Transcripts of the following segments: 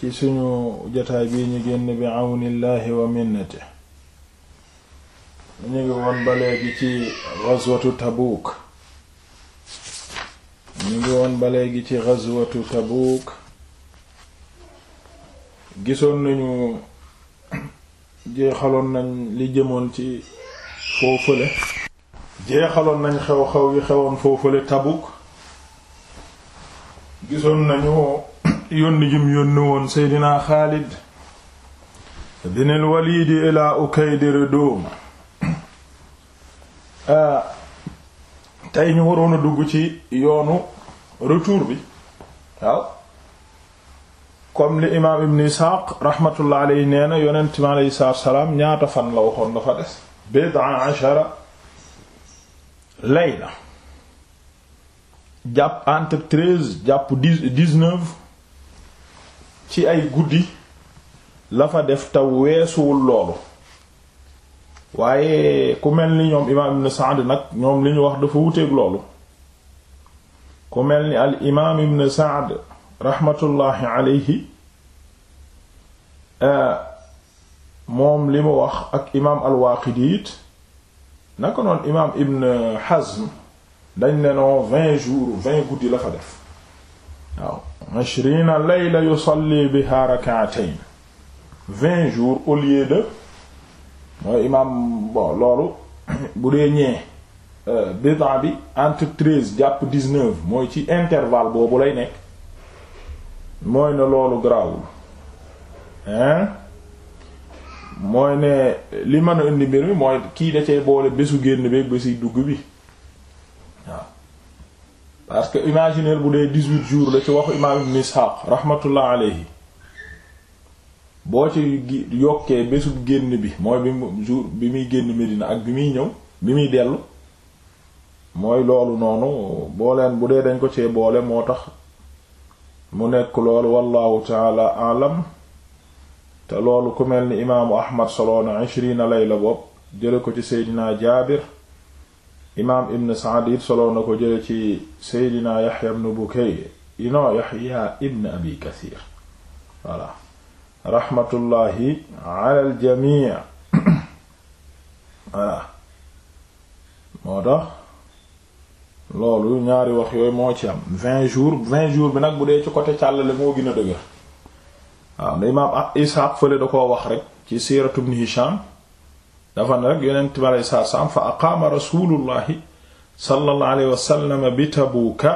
ci suñu jotaay bii ñu génn bi àwnillaahi wa minnati ñu ngi woon ba léegi ci ghazwatu tabuuk ñu ngi woon ba léegi ci ghazwatu tabuuk gisoon nañu jeexaloon nañ li jëmoon ci foofule jeexaloon nañ xew-xew yi xewoon foofule tabuuk gisoon nañu yónni jum yónni woon seydinaa Xaalid bin al-Walid ila Ukaydir Doom ah, tey ñu waroon a dugg ci yoonu retour bi waaw comme li imaam Ibn Isxaaq rahmatullah aleyhi nee na yonent mi aleyhi salaatu salaam ñaata fan la waxoon dafa des bid'a ashara layla jàpp entre treize jàpp dix dix ci ay guddi la fa def taw weesuwul loolu waaye ku mel ni ñoom imaam ibn Saad nag ñoom li ñu wax dafa wuteeg loolu ku mel ni al imaam ibn Saad raxmatullaahi aleyhi eh, moom li mu wax ak imaam al-Waaqidi it naka noonu imaam ibn Hazm dañ ne noo vingt jours vingt guddi la fa def waaw ashrina layla yusalli biha rak'atayn vingt jours au lieu de mooy imaam bon loolu bu dee ñee euh, bidaa bi entre treize jàpp dix mooy ci interval boobu lay nekk mooy ne loolu garaawul hein mooy ne li mën a indi mbir mi mooy kii da cee boole bésu génn beeg bési dugg bi waaw parce que imaginaire bu dee dix-huit jours la ci waxu imaam ibn Ishaq rahmatullah alayhi boo ci yokkee bésu génn bi mooy bi mu jour bi muy génn Medina ak bi muy ñëw bi muy dellu mooy loolu noonu boo bu dee dañ ko cee boole moo tax mu nekk loolu wallahu taala alam te loolu ku mel ni imaamu Ahmad soloona ishrina layla bopp jële ko ci Seydina Jaabir imaam ibn Saad it soloo na ko jële ci Seydina Yaxya ibn Bukayr ino Yaxya ibn Abi Kasiir voilà raxmatullaahi alal loolu ñaari wax yooyu moo ci am vingt jour vingt jour bi nag bu dee ci côté càllale moo gën a dëgër waaw nda imaam Isaaq fële da koo wax rek ci siiratu ibn Hisham dafa ne rek yonent bi aleyhi salaatu salaam fa aqaama rasuulullahi sallallahu alayhi wa sallam bi tabuuka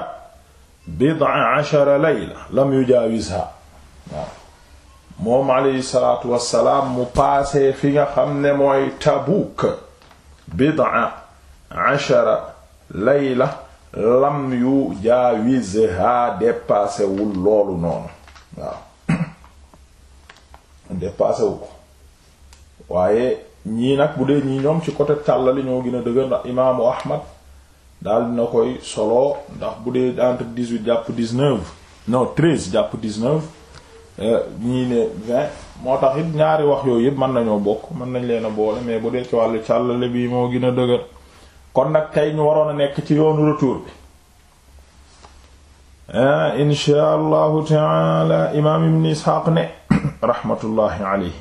bid'a ashara layla lam yujaawizha waaw moom aleyhi salaatu wassalaam mu paase fi nga xam ne mooy tabuuk bid'a ashara layla lam yujaawizha dépassé wul loolu noonu waaw dépassé wu ko waaye ñii nag bu dee ñii ñoom ci côté càllali ñoo gën a dëgër ndax imaamu ahmad daal dina koy solo ndax bu dee entre dix-huit jàpp dis neuf non treize jàpp dis neuf euh, ñii ne vingt moo tax it ñaari wax yooyu yëpp mën nañoo bokk mën nañ leen a boole mais bu dee ci wàllu càllale bi moo gën a dëgër kon nag tey ñu waroon a nekk ci yoonu retour bi ah, insha allahu taala imaam ibn isxaaq ne rahmatullahi alayhi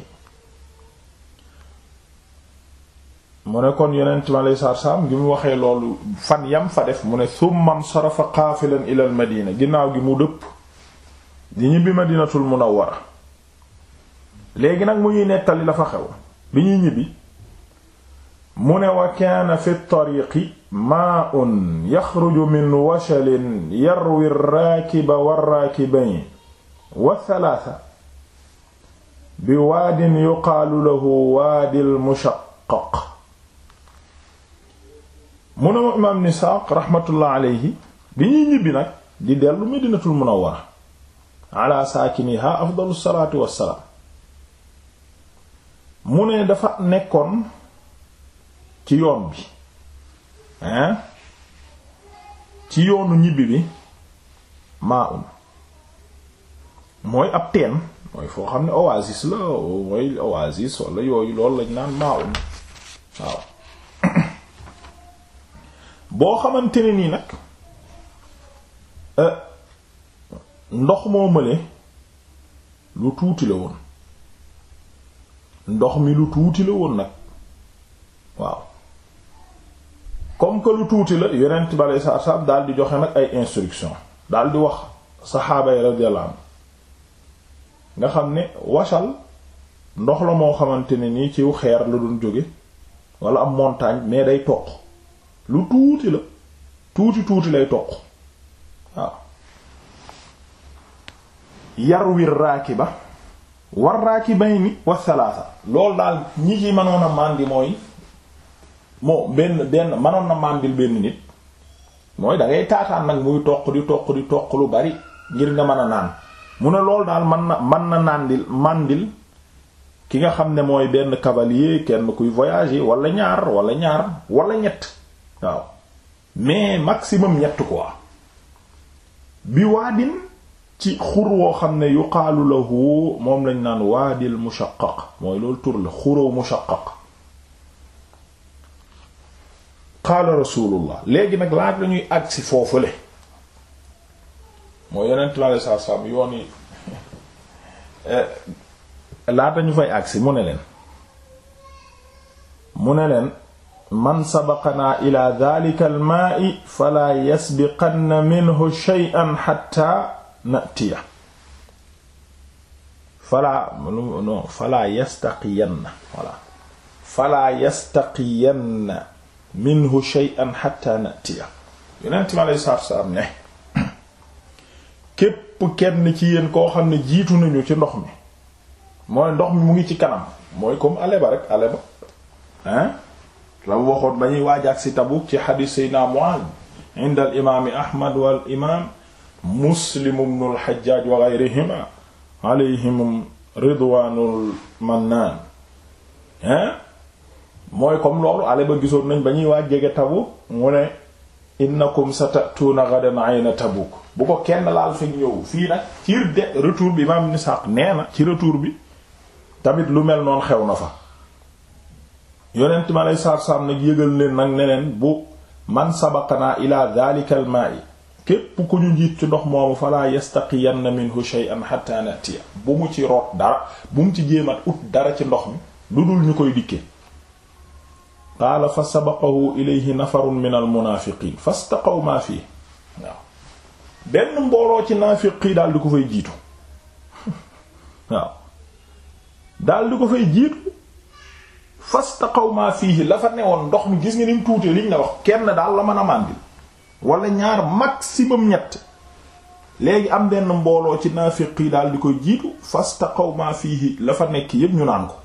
mu ne kon yonent ma alayhi gi mu waxee loolu fan yam fa def mu ne thumma nsarafa qaafilan ila al ginnaaw gi mu dëpp di ñibbi madinatul munawwara léegi nag mu ñuy nettali la xew bi ñuy ñibbi mu ne wa kaana fi tariiqi maa'un yaxruju min washalin yarwi raakiba warraakibayn wa thalaatha bi waadin yuqaalu lahu waadil mushaqqaq mu ne ma imaam Nisaaq rahmatullah aleyhi bi ñuy ñibbi nag di dellu Madinatul Munawwara ala saakiniha afdalu salaatu wassalaam mu ne dafa nekkoon ci yoon bi hein ci yoonu ñibbi bi maa un um. mooy ab teen mooy foo xam ne oasis la mooy oasis wala yooyu loolu lañ naan maa un um, waaw boo xamante ne nii nag euh, ndox moo mëne lu tuuti la woon ndox mi lu tuuti la woon nag waaw comme que lu tuuti la yonent balay saa saab daal di joxe nag ay instruction daal di wax saxaaba yi nga xam ne wasal ndox la moo xamante ne nii ciw xeer la doon jóge wala am montagne mais day toq lu tuuti la tuuti tuuti lay toq waaw yarwir raakiba war raakibayni wa salaasa loolu daal ñi ci mënoon a màndi mooy moo benn benn mënoon na màndil benn nit mooy dangay ngay taataan nag muy toq di toq di toq lu bari ngir nga mën a naan mu ne loolu daal man na mën na nàndil màndil ki nga xam ne mooy benn cavalier kenn kuy voyager wala ñaar wala wala ñett waaw mais maximum ñett quoi bi waadin ci xur woo xam ne yuqaalu lahu moom lañ naan waadil mushaqqaq mooy loolu tur la xuroo mushaqqaq qaala rasulullah léegi nag laaj lañuy agsi foofule mooy yonent bi aleyhi salaatu salaam yoon yi eh, laata ñu fay agsi mu ne leen mu ne leen man sabaqanaa ila dhalika almaai fala yasbiqanna minhu shay'an hatta natiya fala non fala yastaqiyanna wala fala yastaqiyanna minhu shay'an hatta natiya salaam ne képp kenn ci yéen koo xam ne jiitu nañu ci ndox mi mooy ndox mi mu ngi ci kanam mooy comme ale ba rek ale ba hein la mu waxoon ba ñuy waaj ak si Tabuk ci xadiis Seydina Muaaz inda al imaami Ahmad wal imaam Muslim ibn al Hajjaaj wa ghayrihima alayhim ridwaanul mannaan hein mooy comme loolu ale ba gisoon nañ ba ñuy waaj jege Tabuk mu ne innakum satatuuna gadan ayna Tabuk bu ko kenn laal fekk ñëw fii nag ci retour bi imaam Ibn Sa'd nee na ci retour bi tamit lu mel noonu xew na fa yonent mi aleyhi salaatu nag yëgal leen nag ne leen bu man sabaqanaa ilaa daalika al maa'i képp ku ñu njiit ci ndox moomu falaa yastaqiyanna minhu shay'an hatta natiya bu mu ci root dara bu mu ci jéemat ut dara ci ndox mi lu dul ñu koy dikke qaala fa sabaqahu ilayhi nafarun min al munaafiqiin maa fii waaw benn mbooloo ci naafiqi daal di ko fay jiitu waaw daal di ko fay jiitu fastaqaw ma fiihi la fa newoon ndox mi gis nga ni mu tuute liñ la wax kenn daal la a màndil wala ñaar maximum ñett léegi am benn mbooloo ci naafiq yi daal di koy jiitu fastaqaw ma fiihi la fa nekk yépp ñu naan ko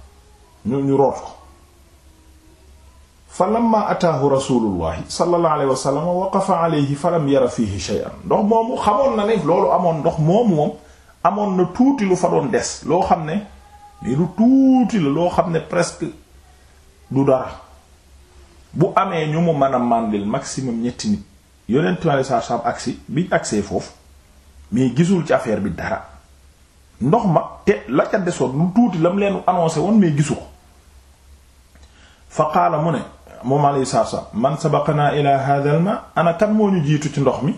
ñu ñu root ko fa lamma ataahu rasulullahi sallallahu alayhi wa sallam waqafa alayhi fa yara fiihi shay'an ndox moomu xamoon na ne loolu amoon ndox moomu moom amoon na tuuti lu fa doon des loo xam ne mais lu tuuti la loo xam ne presque du dara bu amee ñu mu mën a màndil maximum ñetti nit yonent mi aleyhis salaatu salaam agsi bi agsee foofu mais gisul ci affaire bi dara ndox ma te la ca desoon lu tuuti la mu leen annoncé woon mais gisu ko fa qaala mu ne moom aleyhis salaatu salaam man sabaqanaa ilaa haadhal ma ana moo ñu jiitu ci ndox mi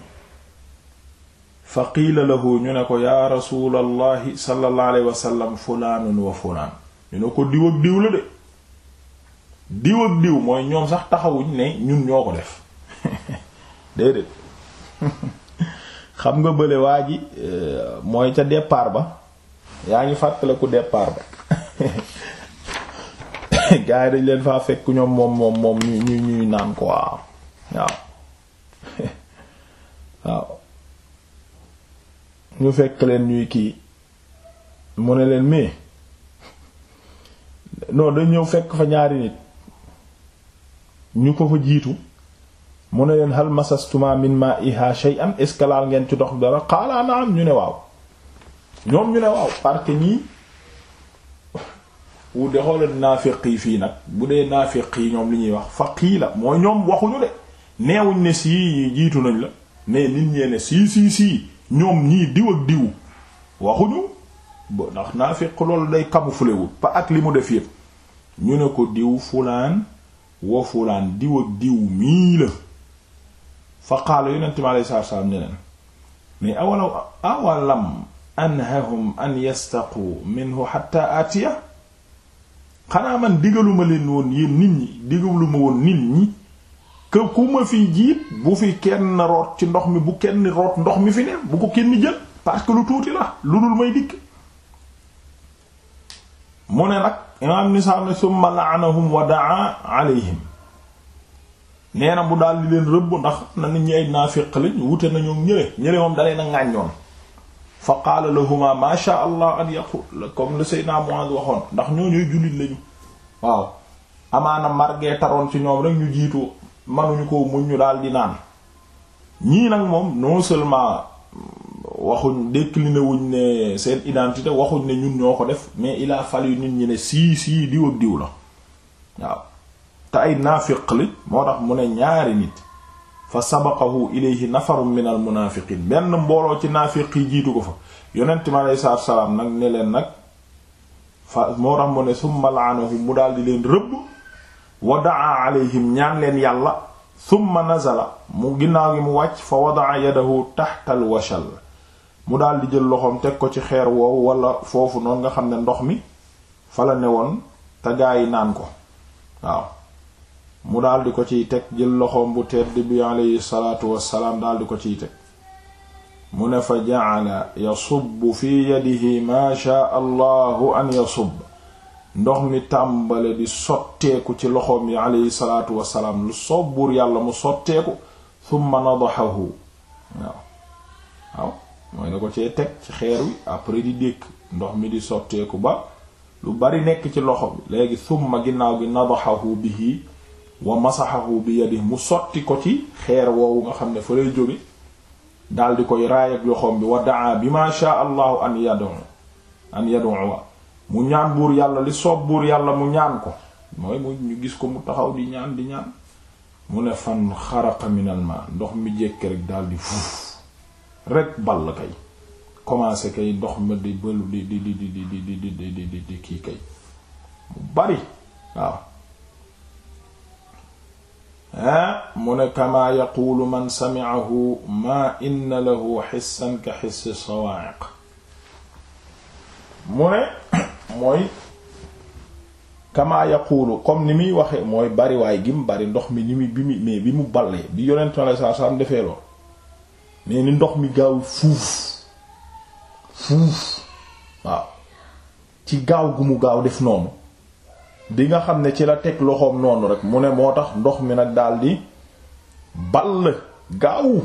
fa qiila lahu ñu ne ko yaa rasuulallahi sallallahu alayhi wa sallam wa fulaan ñu ne ko diw ak diw la de diw ak diw mooy ñoom sax taxawuñ ne ñun ñoo ko def déedéet xam nga bële waa ji euh, mooy ca départ ba yaa ngi fàttaliku départ ba gars yi dañ leen faa fekk ñoom moom moom moom ñu ñuy naan quoi waaw waaw ñu fekk leen ñuy kii mu ne leen mais non dañ ñëw fekk fa ñaari nit ñu ko fa jiitu mu ne leen hal masastuma min ma'iha shay'an est ce que ngeen ci dox dara qaala ñu ne waaw ñoom ñu ne waaw parce que ñii wu de xoolal naafiq yi fii nag bu dee naafiq yi ñoom li ñuy wax faqiila mooy ñoom waxuñu de neewuñ ne sii jiitu nañ la mais nit ñee ne sii sii ñoom ñii diw ak diw waxuñu ba ndax naafiq loolu day camouflé wu pa ak li mu def yëpp ñu ne ko diw fulaan wa fulaan diw ak diw mii la fa qaala yonente mi mais awalaw awalam anhahum an yastaqu minhu hatta atiya xanaa man digaluma leen woon yéen nit ñi digaluma woon nit ñi que ku ma fi jiit bu fi kenn root ci ndox mi bu kenn root ndox mi fi ne bu ko kenn jël parce que lu tuuti la lu dul may dikk mu ne nag imaam nisaam ne summa la'anahum wa daa alayhim nee na mu daal di leen rëbb ndax na nit ñi ay naafiq lañ wute nañu ñële ñële moom dalee na ŋàññoon fa qaala lahuma ma sha allah an yaqul comme le Seydina Muaz waxoon ndax ñoo ñooy jullit lañu waaw amaana margee taroon ci ñoom rek ñu jiitu manuñu ko muñ ñu daal di naan ñii nag moom non seulement waxuñ décliné wuñ ne seen identité waxuñ ne ñun ñoo ko def mais il a yu nit ñi ne sii sii diw diw la waaw te ay naafiq li moo tax mu ne ñaari nit fa sabaqahu ilayhi nafarun min al munaafiqiin benn mbooloo ci naafiq yi jiitu ko fa yonent mi aleyhi salaatu salaam nag ne leen nag fa moo tax mu ne summa la'anahum mu daal di leen rëbb wa daa alayhim ñaan leen yàlla summa nazala mu ginnaaw gi mu wàcc fa wadaa yadahu taxta al washal mu daal di jël loxoom teg ko ci xeer woowu wala foofu noonu nga xam ne ndox mi fa la ne woon te gaa yi naan ko waaw mu daal di ko ciy teg jël loxoom bu tedd bi aleyhi salaatu wassalaam daal di ko ciy teg mu ne fa ja'ala yasubbu fi yadihi maa shaa allahu an yasub ndox mi tàmbale di sotteeku ci loxoom yi aleyhi salaatu wassalaam lu soob buur yàlla mu sotteeku thumma nadahahu waaw waaw mooy na ko cee teg ci xeer wi après di dékk ndox mi di sotteeku ba lu bari nekk ci loxo bi léegi summa ginnaaw gi nadaxahu bihi wa masaxahu bi yadi mu sotti ko ci xeer woowu nga xam ne fa lay jóge daal di koy raay ak bi wa daa bi ma sha allahu an yadu an yadu wa mu ñaan buur yàlla li soob buur yàlla mu ñaan ko mooy mu gis ko mu taxaw di ñaan di ñaan mu ne fan xaraqa minal ma ndox mi jekk rek daal di fuuf rek ball kay commencé kay ndox ma di bël di di di di di di di di kii kay mu bari waaw ah mu ne kama yaquulu man sami'ahu ma inna lahu xissan mu ne mooy kama yaquulu comme ni muy waxe mooy bari waay gi mu bari ndox mi ni mu bi mu mais di mu ballee bi yonent sallallahu alayhi defee lool mais ni ndox mi gaaw fuuf fuuf waaw ci gaaw gu mu gaaw def noonu bi nga xam ne ci la teg loxoom noonu rek mu ne moo tax ndox mi nag daldi ball gaaw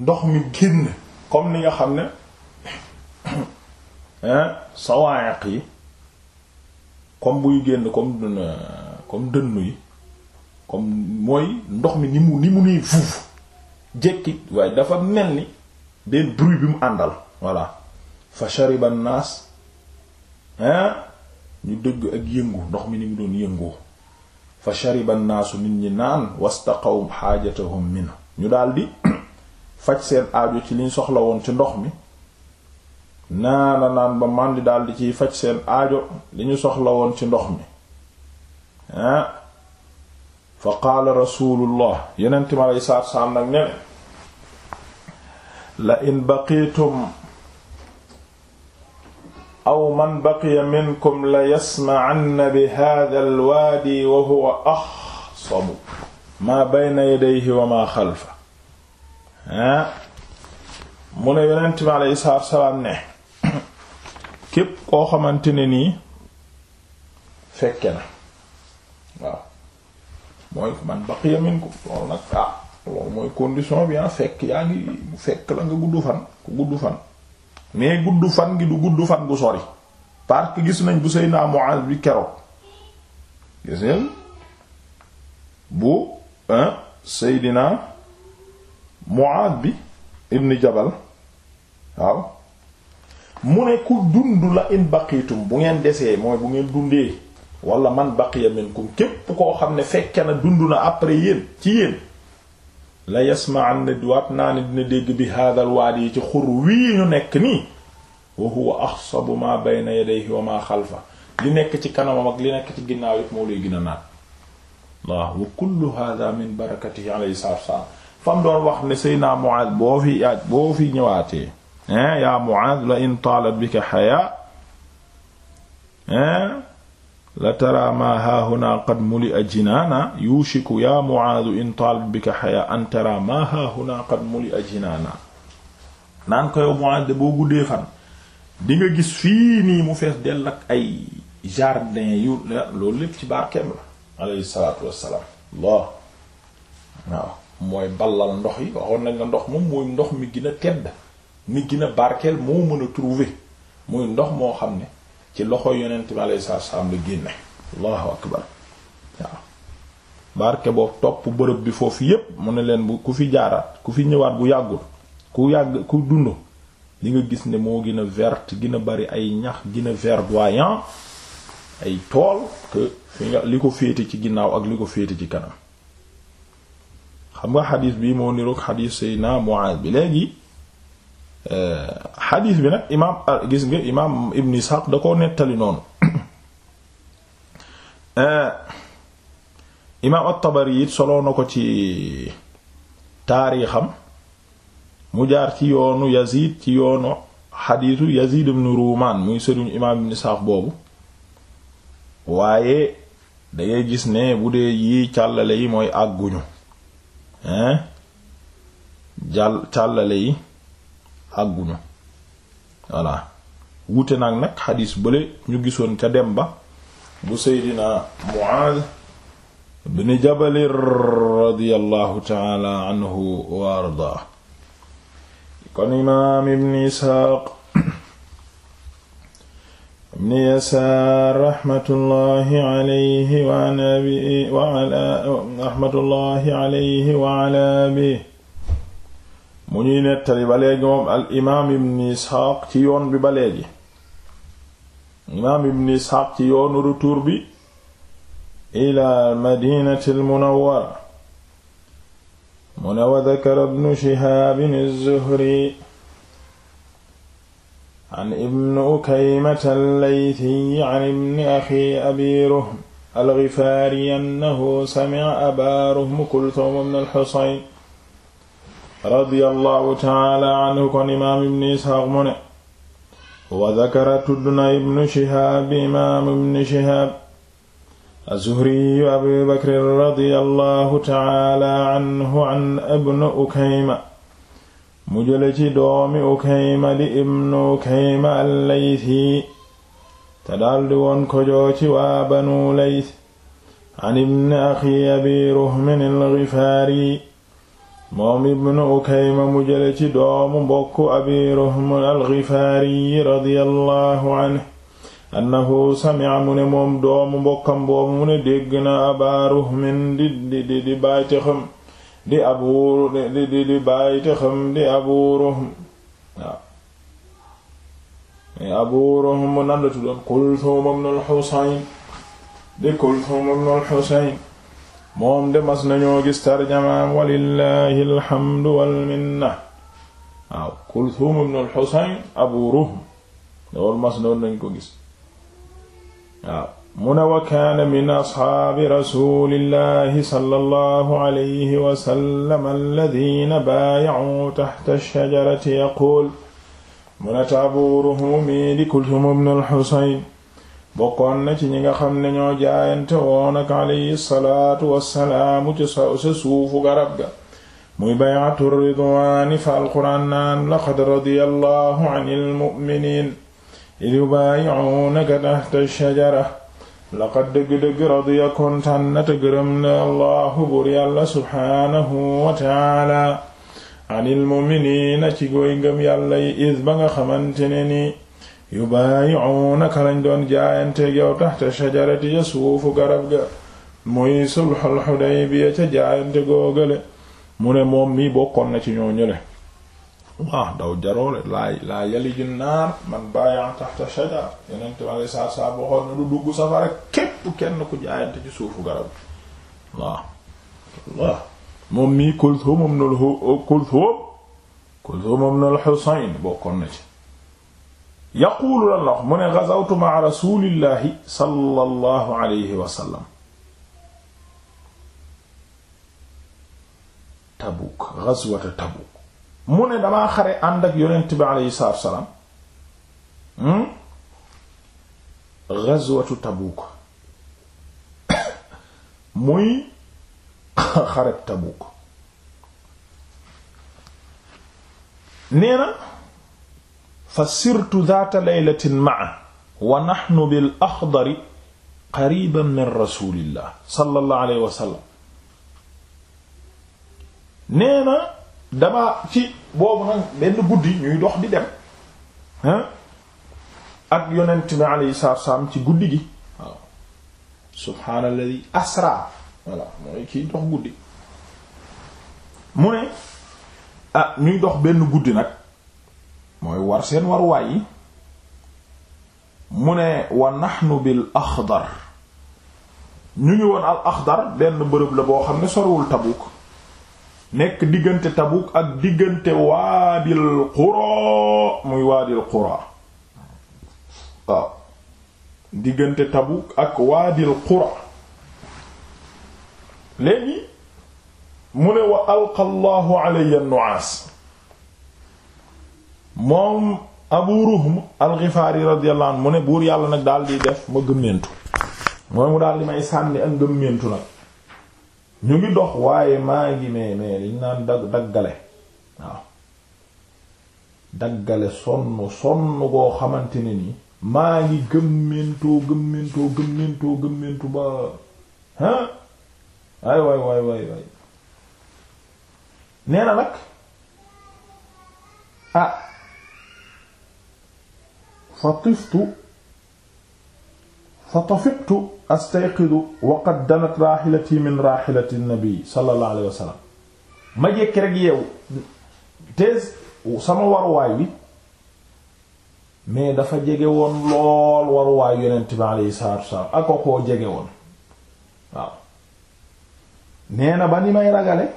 ndox mi génn comme ni nga xam ne hein yi comme buy génn comme comme dënnu yi comme mooy ndox mi ni mu ni mu nee fuuf jekki waaye dafa mel ni den bruit bi mu àndal voilà fa shariba naas ñu dëgg ak yëngu ndox mi ni mu doon yëngoo fa shariba nit ñi naan wastaqaw xaajatahum min ñu daldi faj seen aajo ci liñ soxla woon ci ndox mi naana naan ba màndi daldi ciy faj seen aajo li ñu soxla woon ci ndox mi ah fa qaala rasulullah yenent mi aleyi salaatu salaam nag ne la in baqiitum aw man baqiya minkum la yasmacanna bi hada alwaadi wa huwa axsabu maa bayna yadayhi wa maa xalfa ah mu ne yonent mi aleyhi salaatu salaam ne képp koo xamante ne nii fekke na waaw mooy man baqiya minkum loolu nag ah loolu mooy condition bi ah fekk yaa ngi fekk la nga gudd fan ku gudd fan mais gudd fan gi du gudd fan gu sori parce gis nañ bu sëy naa bi keroog bu Seydina Muaz bi ibn Jabal waaw mu ne ku dund la in baqitum bu ngeen desee mooy bu ngeen dundee wala man baqiya minkum képp koo xam ne fekke na dund na après yéen ci yéen la yasma'an waat naa ne dina dégg bi haadal waadi yi ci xur wii ñu nekk nii wa huwa axsabu ma bayna yadayhi wa ma xalfa li nekk ci kanamam ak li nekk ci ginnaaw yépp moo lay gën a naat waaw wa kullu hada min barakatihi alayhi salaatu wa salaam fam doon wax ne sayna Mu'aaz boo fi aaj boo fi ñëwaatee yaa Mu'aaz la in taalat bika hayaa la tara ma haahuna qad muli a jinaana yushiku ya Muaaz in taalat bika xayaa an tara ma haahuna qad muli a jinaana naan ko yow Muaaz de boo guddee fan di nga gis fii nii mu fees dell ak ay jardin yu loolu lépp ci ndox yi ndox moom ndox mi gën a tedd barkeel moo mën a trouver muy ndox moo xam ne ci loxo yonent bi alayhi salaam allahu akbar waaw barke boobu topp bërëb bi foofu yépp mu ne leen bu ku fi jaaraat ku fi ñëwaat bu yàggul ku yàgg ku dund li nga gis ne moo gën a verte gën bari ay ñax gën a verdoyant ay tool que fi nga li ko féete ci ginnaaw ak li ko féete ci kanam xam nga xadiis bi moo niroog xadiis Seydina Muaaz bi léegi Euh, xadiis bi nag imaam gis nga imaam Ibn Ishaq da koo nettali noonu euh, imaam at it soloo na ko ci taarixam mu jaar ci yoonu Yazid ci yoonu xadiisu Yazid ibn Ruumaan muy sëriñu imaam Ibn Ishaq boobu waaye dangay gis ne bu dee yii càllale yi mooy àgguñu hein jàll càllale yi ak voilà wuute nag nag xadiis bële ñu gisoon ca dem ba bu seydina Muaaz ibn Jabal radiyallahu taala anhu wa ardaa kon imaam ibn Isxaaq ibn Yasaar raxmatullahi alayhi wa ala bi wa ala raxmatullahi alayhi wa ala bi mu ñuy nettali ba léegi moom al imaam ibn isxaaq ci yoon bi ba léegi imaam ibn isxaaq ci yoonu retour bi ila madinati al munawwara mu ne wa dakara ibnu shihaabin az-zuhri an ibn ukaymata al-laythi an ibn axi abi ruhm al-ghifaari annahu sami'a abaa ruhm kulthum ibn al-husayn radiyallahu taala anhu kon imaam ibn isxaaq mu ne wa dakara tudd na ibnu shihaab imaam ibn shihaab azzuhriyu abi bakrin radiyallahu taala anhu an ibnu ukayma mu jële ci doomi ukayma di ibnu ukayma al-laythi te daldi woon ko joo ci waa banu layth an ibni axi abi ruhmin al-ghifaari moom ibnu ukayma mu ci doomu mbokk abi ruhm alxifaariyi radiyallahu anhu annahu sami'a mu ne moom doomu mbokkam boobu mu ne dégg na abaa di di di di di abu di di abu ruhm waaw abu ruhm nan la tuddoon husayn di kulthum ibnu al-husayn moom de mas nañoo gis tarjamaam walillahi alhamdu walminna waaw kulthum ibn al-husayn abu ruhm loolu mas noonu nañ ko gis waaw mu ne wa kaana min asxaabi rasulillahi sallallahu alayhi wa sallam alladhina baaya'u tahta ash-shajarati yaquul mu ne ta abu ruhm mi di kulthum ibn al-husayn bokkoon na ci ñi nga xam ne ñoo jaayante woon ak alayhi salaatu wassalaamu ci sa suufu garab ga muy bay'atu ridwaani fa alquraan naan laqad radiyallahu anil mu'miniin id yubaayi'uunaka tahta ash-shajara laqad dëgg-dëgg radiya kontaan na te gërëm na allahu bur yàlla subhaanahu wa taala anil mu'miniina ci gooy ngëm yàlla yi is ba nga xamante ne nii yubaayi'uunaka lañ doon jaayanteeg yow taxta shajarati ya suufu garab ga muy sulxul xudaybiya jaayante googale mu ne moom mii bokkoon na ci ñoo ñële waa daw jaroole laa laa yalijun naar man baayan taxta shajara yenente ma la saa saa du dugg safara képp kenn ku jaayante ci suufu garab gi waaw waa moom mii kulthum ibnul kulthum kulthum ibnul xusayn na ci yaquulu lan la wax mu ne gazawtu ma'a rasulillahi sallallahu alayhi wa Tabuk gazwata Tabuk mu ne damaa xare ànd ak yonent bi alayhi salaatu wa hmm? gazwatu Tabuk muy xareb Tabuk nee fa sirtu daata laylatin maa wa naxnu bil axdari qariban min rasulillah sallallahu alayhi wa sallam nee na dama ci boobu nag benn guddi ñuy dox di dem ah ak yonent bi alayhi salaatu wasalaam ci guddi gi waaw subhaanalladi asra voilà mooy kiy dox guddi mu ne ah ñuy dox benn guddi nag mooy war seen waruwaay yi mu ne wa nahnu bil axdar ñu ngi woon al axdar benn bërëb la boo xam ne sorwul Tabuk nekk diggante Tabuk ak diggante waadil qura muy waadil qura waaw diggante Tabuk ak waadil qura léegi mu ne wa alqa allahu alayya nu'as moom abu ruhm alxifaari radiyallahu anhu mu ne buur yàlla nag daal di def ma gëmmentu mooy mu daal may sànni ak gëmmentu nag ñu ngi dox waaye maa ngi mais mais liñ naan dag daggale waaw daggale sonn sonn koo xamante ne nii maa ngi gëmmentoo gëmmentoo gëmmentoo ba ah ay waay waay waay nee na nag ah fa tiftu fa tafiqtu astayqidu wa qad danat raahilati min raahilati nabi sallallahu alayhi wa ma jekki rek yeewu te sama waruwaay wi mais dafa jege woon lool waruwaay yonent bi alayhi salaatu wasalaam ak ko jege woon waaw nee na ba ni may ragale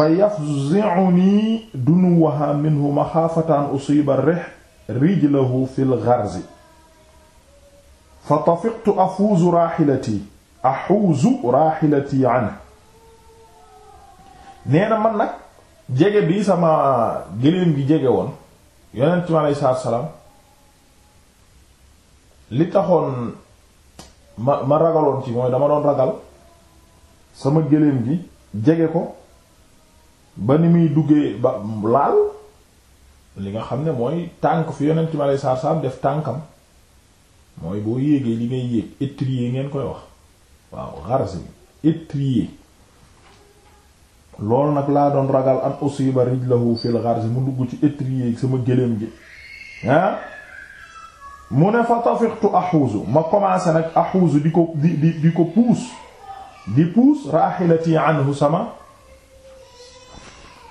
fa yafzi'uni dunuwaha minhu maxaafata an usiba rijlahu fil gharzi fa tafiqtu afuuzu raaxilati axuuzu raaxilati anhu nee na man nag jege bi sama gëléem gi jege woon yonent li taxoon ma ma ragaloon ci mooy dama doon ragal sama gëléem gi jege ko ba ni muy duggee ba laal li nga xam ne mooy tànk fi yonent mi aleyhi salaatu salaam def tànkam mooy boo yéegee li ngay yéeg étrier ngeen koy wax waaw xarsi bi étrier loolu nag laa doon ragal an usiba rijlahu fil xaras mu dugg ci étrier sama gëléem gi ah mu ne fa tafiqtu axuusu ma commencé nag axuusu di ko di di di ko puus di puus raxilati anhu sama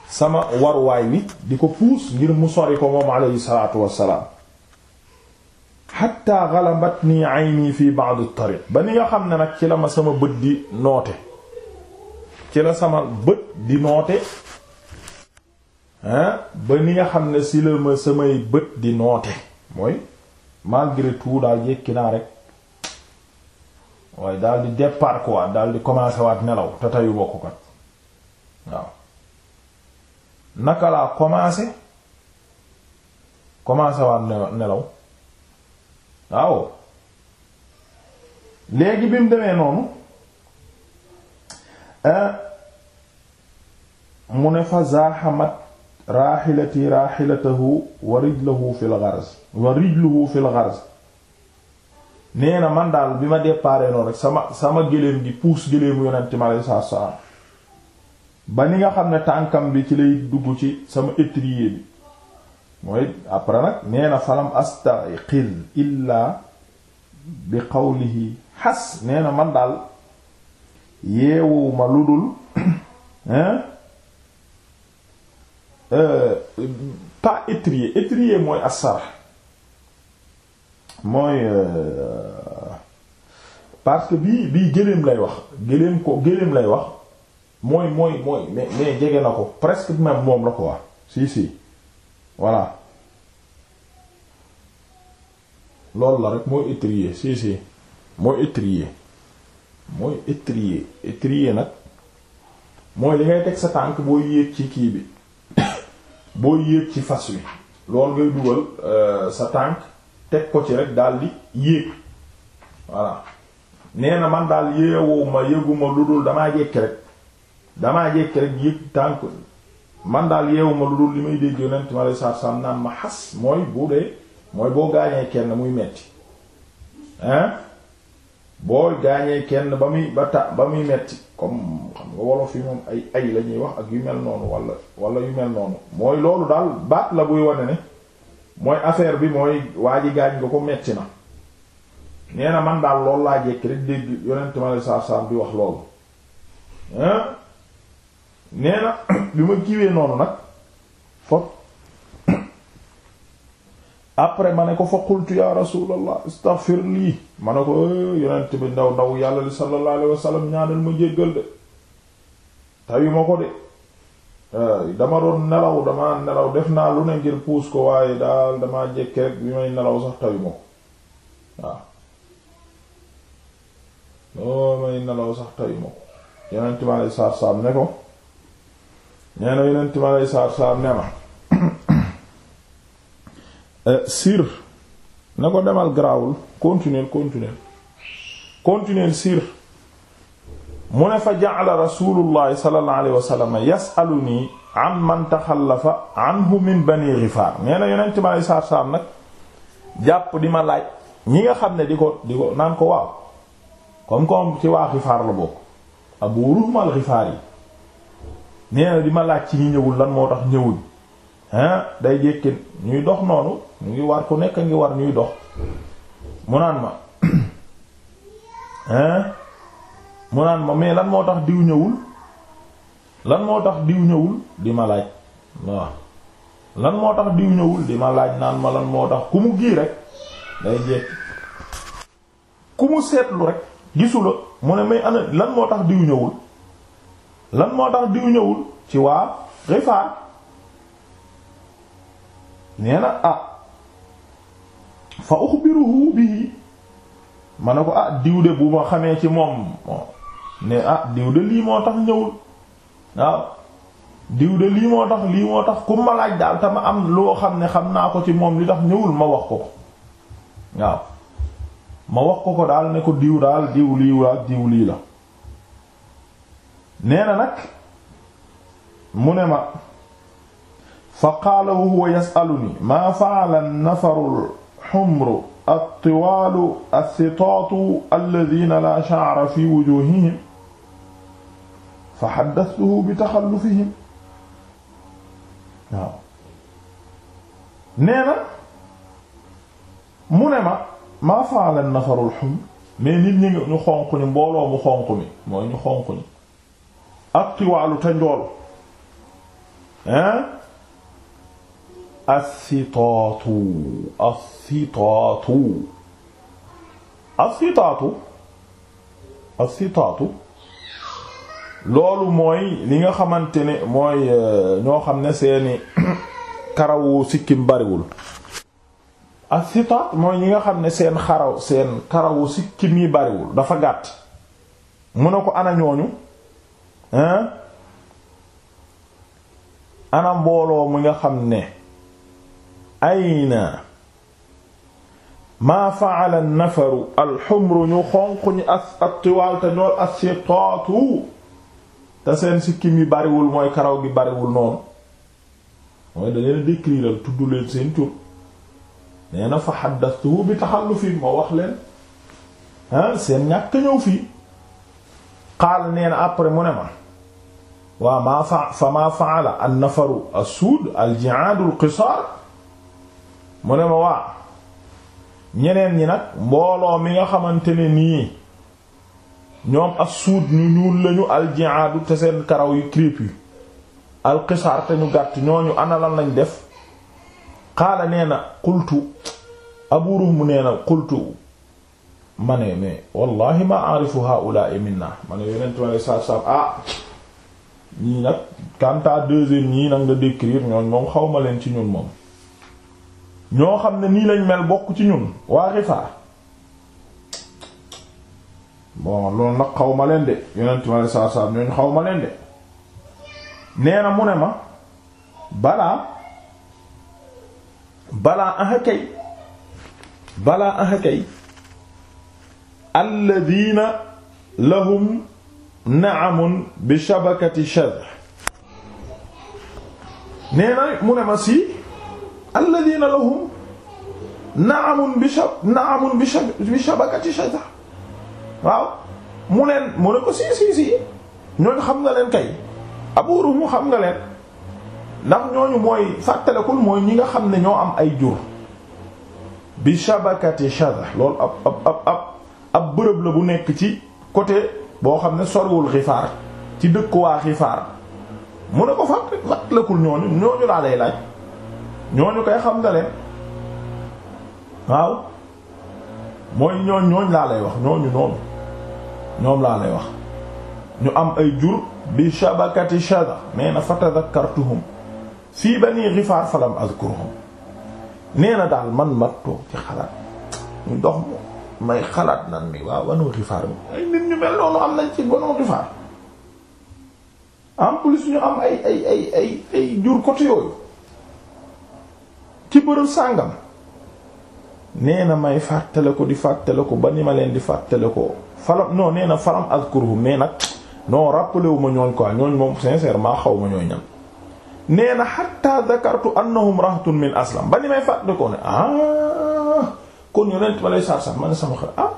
sama warwaay wi di ko puus ngir mu sori ko moom alayhi salaatu wassalaam xatta galabat nii ayni fi ba'd at-tariq ba ni nga xam ne nag ci la ma sama bët di noote ci la sama bët di noote hein ba ni nga xam ne si la ma samay bët di noote mooy malgré tout daal yékki naa rek waaye daal di départ quoi daal di commencer waat nelaw te teyu bokkukat waaw naka laa commencé commencé waat nelaw waaw léegi bi mu demee noonu euh, mu ne fa zaaxamat raaxilati raaxilatahu wa rijluhu fil gharz wa rijluhu fil gharz nee na man daal bi ma déparé noonu rek sama sama géléem gi puus géléemu yonente mi alayhi salaatu wa salaam ba ni nga xam ne tànkam li ci lay dugg ci sama étrier bi mooy après nag nee na falam astaqiz illaa bi qawlihi xas nee na man daal yeewu ma lu dul euh, pas étrier étrier mooy asar mooy euh, parce que bii bii gëléem lay wax gëléem ko gëléem lay wax mooy mooy mooy mais mais jege na ko presque moom la ko wax si si voilà loolu la rek mooy étrier si si mooy étrier mooy étrier étrier nag mooy li ngay teg sa tànk boo yéeg ci kii bi boo yéeg ci fas wi lool ngay dugal euh, sa tànk teg ko ci rek daal di yéeg voilà nee na man daal yeewu ma yëguma lu dul damaa jekki rek damaa jékki rek yëg tànk man daal yeewuma lu dul li may dégg yonent ma lay saar saam naan ma xas mooy bu dee mooy boo gaañee kenn muy metti hein boo gaañee kenn ba muy ba ta ba muy metti comme xam nga wolof la ñuy wax ak yu mel noonu wala wala yu mel noonu mooy loolu daal baat la buy wane ne mooy affaire bi mooy waa ji gaañ nga ko metti na nee na man daal lool laa jékki rek dégg yonent ma lay saar saam bi wax loolu hein nee bi ma kiiwee noonu nag fop après ma ne ko fa qultu ya rasulallah istaghfir lii ma ne ko eh, yonent bi ndaw ndaw yàlla li sallallahu alayhi wasallam ñaanal ma jéggal de tayu ma ko de eh, dama doon nelaw dama nelaw def naa lu ne ngir puus ko waaye daal dama jekke rek bi may nelaw sax tayu ma ko waaw noo may nelaw sax tayu ko yonent bi alayhi salaam ne ko nee na yonent mi aleyhi salaatu salaam ne ma eh, sir na ko demal garaawul continuer continuer continuer sir mu ne fa ja'ala rasulullahi sallallahu alayhi wa sallam yas'aluni an man taxallafa anhu min bani Ghifaar nee na yonent mi aleyhi salaatu salaam nag jàpp di ma laaj ñi nga xam ne di ko di ko naan ko waaw comme comme ci waa Ghifaar la bokk Abu Ruhm al-Ghifaari nee na ma laaj ci ñi ñëwul lan moo tax ñëwuñ ah day jékki ñuy dox noonu ñu ngi war ku nekk ngi war ñuy dox mu ma hein mu ma mais lan moo tax diw ñëwul lan moo tax diw ñëwul di ma laaj waaw lan moo tax diw ñëwul di ma laaj naan ma lan moo tax ku mu gii rek day jékki ku mu seetlu rek gisu la mu ne mais ana lan moo tax diw ñëwul lan moo tax diw ñëwul ci waa Gifaar nee na ah fa bi bii ma ne ko ah diw de bu ma xamee ci moom ne ah diw de lii moo tax ñëwul waaw diw de lii moo tax lii moo tax ku ma daal te ma am loo xam ne xam naa ko ci moom li tax ñëwul ma wax ko ko waaw ma wax ko ko daal ne ko diw daal diw lii waa diw lii la nee na nag mu ne ma fa qaala wa huwa yasaluni maa fa'ala nafaru alxumru altiwaalu alsitaatu alladina laa sha'ra fi wujuhihim fa xaddatuhu bi taxallufihim waaw nee na mu ne ma maa fa'ala nafaru alxumr mais nit ñi ñu xonq ni mbooloo mu xonq mi mooy ñu xonq ni ak tiwaalu te njool hein assitaatu assitaatu assitaatu loolu mooy li nga xamante ne mooy euh, ñoo xam ne seeni karawu sikkim bariwul assitaat mooy ñi nga xam ne seen karawu sikkim yi bariwul dafa gàtt mu ne ko ana ñooñu ana mbooloo mi nga xam ne ayna maa faala nafaru alxumru ñu xonq ñi as attiwaal te ñool assitaatu te seen sikkim yi bariwul mooy karaw gi bariwul noonu mooy da leen décriral tudd leen seen tur nee na fa xaddastuhu bi fii moo wax leen ah seen ñàkk ñëw fii xaal nee na après mu ne ma waa maa fa fa maa faala an nafaru as-suud al-jihaad ma waa ñeneen ñi nag mbooloo mi nga xamante ne nii ñoom as-suud ñu ñuul lañu al-jihaadu te seen karaw yu crépu al-qisaar te ñu gàtt ñooñu ana lan lañ def xaala nee na qultu abu ruhm nee na qultu ma ne mais wallahi ma arifu haa'ulaa'i minna ma ne yonentu Yàlla saab saab ah ñii nag kanta deuxième ñii nag nga décrire ñoon moom ma leen ci ñun moom ñoo xam ne nii lañ mel bokk ci ñun waa Rifa bon loolu nag ma leen de yonent ma saa saa ñooñ xawma leen de neena mu ne ma balaa balaa axa kay balaa axa kay alladina lahum naamun bi shabakati shadh nee na mu ne ma si alladina lahum naamun bi shab naamun bi shabakati shadh waaw mu neen mu ne ko si si si ñooñu xam nga leen kay abuuru mu xam nga leen ndax ñooñu mooy fàttalekul mooy ñi nga xam ne ñoo am ay jur bi shabakati shadh loolu ab ab ab ab ab bërëb la bu nekk ci côté boo xam ne sorwul xifaar ci dëkk waa xifaar mu ne ko fàtt fàtt lëkkul ñooñu ñooñu laa lay laaj ñooñu koy xam nga leen waaw mooy ñooñ ñooñ laa lay wax ñooñu noonu ñoom laa lay wax ñu am ay jur bi shabakati shada nee na fatadakkartuhum fii bani xifaar falam azkuruhum nee na daal man ma ci xalaat may xalaat nan mi waaw Banu Gifaar ay nit ñu mel noonu am nañ ci Banu Gifaar en plus ñu am ay ay ay ay ay jur côté yooyu ci bërëb sàngam nee na may fàttale ko di fàttale ko ba ni ma leen di fàttale ko falam non nee na falam azkurhum mais nag noo rappelé wu ma ñooñ quoi ñooñ moom sincèrement xaw ma ñooy ñan nee na hatta zakartu annahum rahatun min aslam ba ni may fàttale ko ne ah kon yonent ba lay saar sax ma ne sama xel ah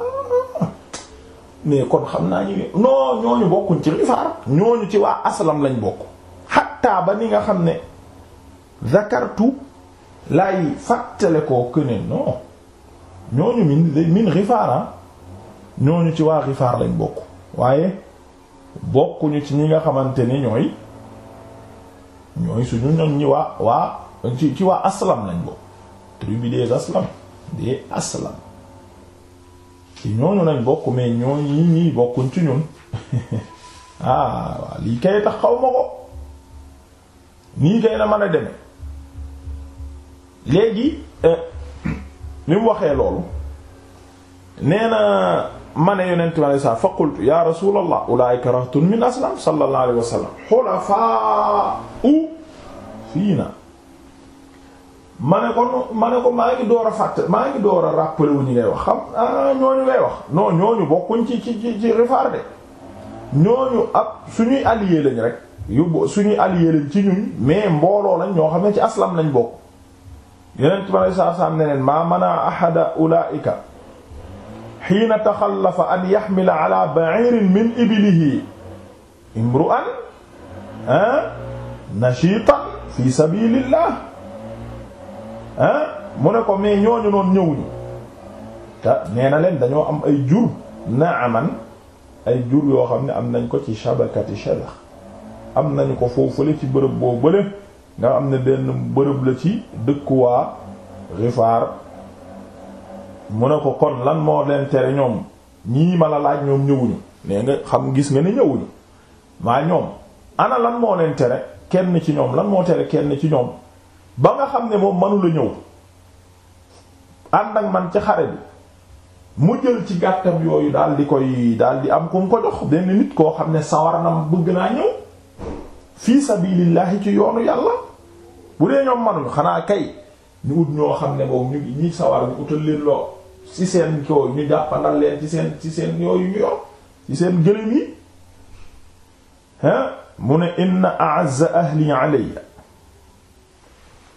kon xam naa ñu ne non ñooñu bokkuñ ci rifaar ñooñu ci waa aslam lañ bokk xattaa ba ni nga xam ne zakartu lay fàttale koo këne non ñooñu min min rifaara ah, ñooñu ci waa rifaar lañ bokk waaye bokkuñu ci ñi nga xamante ni ñooy ñooy suñu ñoñ ñi waa waa ci ci waa aslam lañ bokk tribu des aslam di aslam ci ñooñu nañ bokk mais ñooñ ñi ñii bokkuñ ci ñun ah lii kay tax xaw ma ko nii kay na mën a deme léegi euh, li waxee loolu nee na ma ne yonent bi alei salam fa qultu ya rasulallah ulaika rahtun min aslam sallallahu alayhi wa sallam xulafaa'u fiina ma ko ma ne ko maa ngi door a fàtt a rappelé wu ñu ngay wax xam ah ñooñu ngay wax ñooñu bokkuñ ci ci ñooñu ab suñuy allié lañ rek yu suñuy allié ci ñun mais mbooloo lañ ñoo xam ne ci aslam lañ bokk yeneen ma saa saa ne leen maa mana ahada ulaika xiina taxallafa an yaxmila ala ba'irin min iblihi imru'an ah nashitan fi sabilillah ah mu ne ko mais ñooñu noonu ñëwuñu te nee na leen dañoo am ay jur naaman ay jur yoo xam ne am nañ ko ci shabakati shadax am nañu ko foofu foofule ci bërëb boo bële nga am ne benn bërëb la ci dëkkuwaa rifaar mu ne ko kon lan moo leen tere ñoom ñii ma la laaj ñoom ñëwuñu nee nga xam gis nga ne ñëwuñu maa ñoom ana lan moo leen tere kenn ci ñoom lan moo tere kenn ci ñoom ba nga xam ne moom manula ñëw ànd ak man ci xare bi mu jël ci gàttam yooyu daal di koy daal di am ku mu ko jox benn nit koo xam ne sawar na bëgg naa ñëw fii sabilillahi ci yoonu yàlla bu dee ñoom manuñu xanaa kay ñu ut ñoo xam ne moom ñu ñi sawar ñu utal leen loo ci seen koo ñu jàppandal leen ci seen ci seen yooyu ñu yor ci seen gëléem yi ah mu ne inna a'azza ahli alayya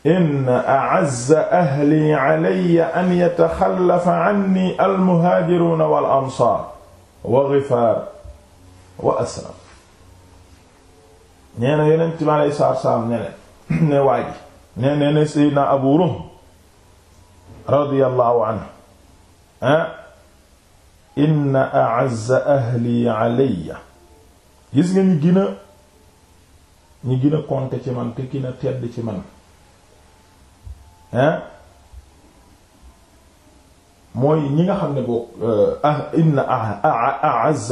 in a'azza ahli alayya an yataxallafa anni almuhaajiruuna wal ansaar wa gifaar wa aslam nee na yeneen ci ma saar saam ne leen ne waa nee na ne Seydina Abu Ruhm radiyallahu anhu ah in a'azza ahli alayya gis nga ñu gën a ñu gën ci man te gën tedd ci man hein mooy ñi nga xam ne boo euh, ah inna a'azza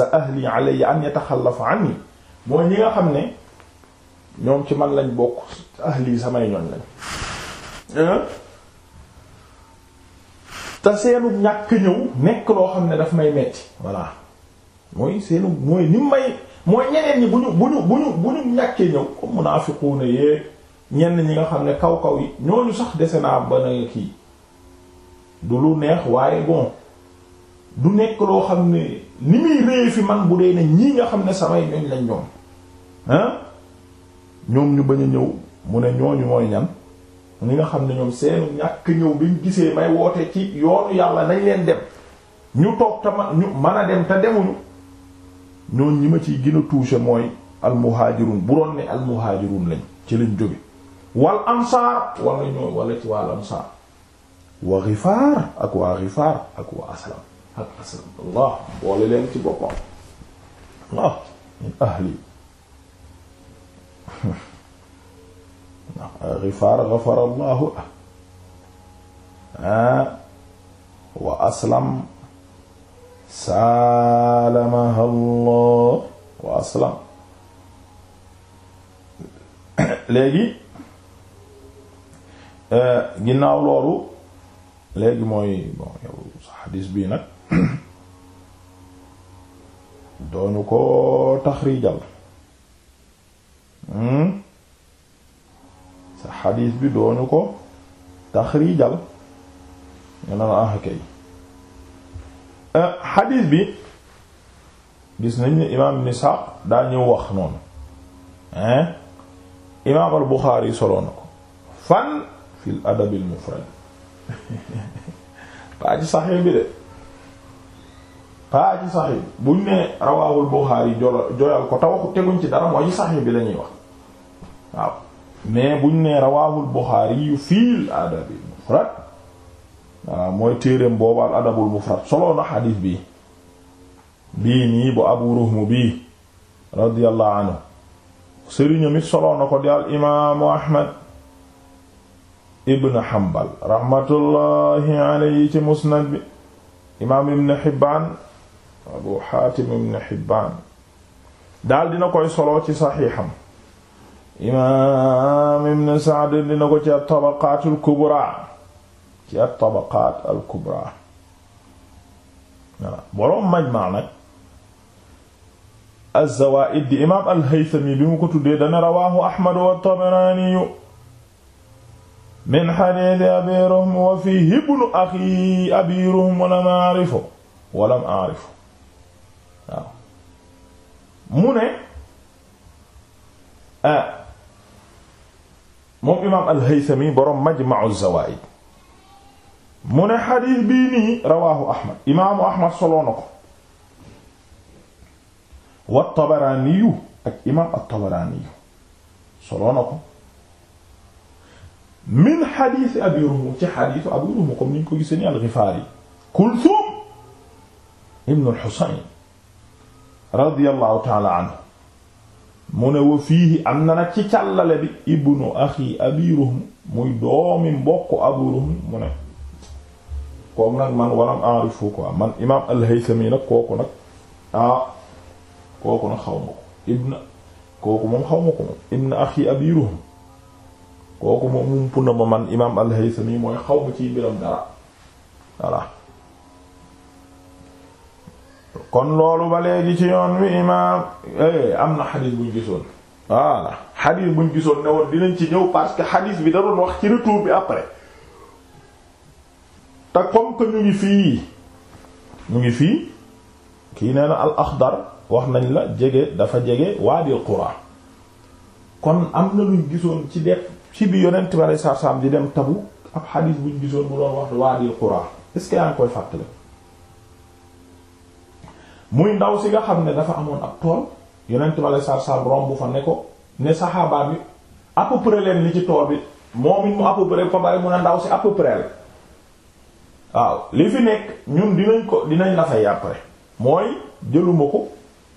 ah, ah, ah, ahli alayya an yataxallafa anni mooy ñi nga xam ne ñoom ci man lañ bokk ahli samay ñoñ lañ te seenu ñàkk ñëw nekk loo xam ne daf may metti voilà mooy seenu mooy ni may mooy ñeneen ñi bu ñu bu ñu bu ñu bu ñu ñàkkee ñëw comme munaafiquuna yee ñenn ñi nga xam ne kaw kaw yi ñooñu sax dese naa ba na kii du lu neex waaye bon du nekk loo xam ne ni muy réy fi man bu dee ne ñii nga xam ne samay ñooñ lañ ñoom ah ñoom ñu bañ a ñëw mu ne ñooñu ñan ñi nga xam ne ñoom seen ñàkk ñëw bi gisee may woote ci yoonu yàlla nañ leen dem ñu toog te ma a dem te demuñu ñooñ ma ciy gën a touché mooy almuhaajirun bu doon ne almuhaajirun lañ ci lañ jóge wal ansaar wala ñoom wala ci wal ansaar wa gifaar ak waa gifaar ak waa aslam ak aslam allah boole leen ci boppam ah min ahli ndax gifaar gafara allahu ah wa aslam saalamaha allah wa aslam léegi Euh, ginnaaw loolu léegi mooy bon yow xadiis bii nag doonu ko taxrijal hmm? sa xadiis bi doonu ko taxrijal ñu ne la ah kay xadiis euh, bi gis nañ ne imaam Ibn Isaaq daa ñëw wax noonu hein imaam al Buxaari na ko fan fil adabil mufrad paa saxee bi de paa ci saxee buñ ne rawaawul Buxaari joyal ko tawaxu teguñ ci dara mooy ci saxee bi lañuy wax waaw mais buñ ne rawaahul Buxaari yu fil adabil mufrad mooy téereem boobaal adabul mufrad solo na xadiis bi nii bu Abu Ruhm bii radiyallahu anhu sëriñam it solo ko di al imaamu Ahmad ibn Hanbal rahmatullahi alayhi ci musnad bi imaam ibn Hibbaan Abu Haatim ibn Hibbaan daal dina koy solo ci saxiixam imaam ibn Sa'd dina ko ci at-Tabaqaat al-Kubraa ci at-Tabaqaat al-Kubraa voilà boroom Majmaa nag az-Zawaa'id di imaam al-Haythami bi mu ko tuddee dana rawaahu Ahmad wa at-Tabaraani min xadiisi abi ruhm wa fiihi ibnu axi abi ruhm walam aarifu walam aarifu waaw mu ne ah, moom imaam al-Haythami boroom Majma'u Zawaa'id mu ne xadiis bii nii rawaahu Ahmad imaamu Ahmad soloo na ko wa Tabaraaniyu ak imaam at-Tabaraaniyu soloo na ko min xadiisi abi ruhum ci xadiisu abi ruhum comme ni ñu ko gisee ni alxifaar yi kulthum ibnu alxusayn radiyallahu taala anhu mu ne wa fiihi am na nag ci càllale bi ibnu axi abi ruhum muy doomi mbokk abu ruhum mu ne kooku nag man walam arifu quoi man imaam alhaythami nag kooku nag ah kooku nag xaw ma ko ibn kooku moom xaw ma ko moom ibnu axi abi ruhum kooku moom umpu na ma man imaam al mooy xaw ma ciy mbiram dara voilà kon loolu ba léegi ci yoon wi imaam eh, am na xadiis buñ gisoon voilà xadiis buñ gisoon ne woon dinañ ci ñëw parce que xadiis bi da wax ci retour bi après te comme que ñu ngi fii ñu ngi fii kii nee na al axdar wax nañ la jege dafa jege waadil qura kon am na luñ gisoon ci def ci bi yonent bi alayhi salaam di dem tabu ab xadiis buñ gisoon bu doon wax waadil qura est-ce que yaa ngi koy fàttale muy ndaw si nga xam ne dafa amoon ab tool yonent bi alayhi salaam romb fa ne ko ne saxaabaa bi à peu près leen li ci tool bi moom it mu à peu près fa bari mun a ndaw si à peu la waaw li fi nekk ñun dinañ ko dinañ la fay après mooy jëluma ko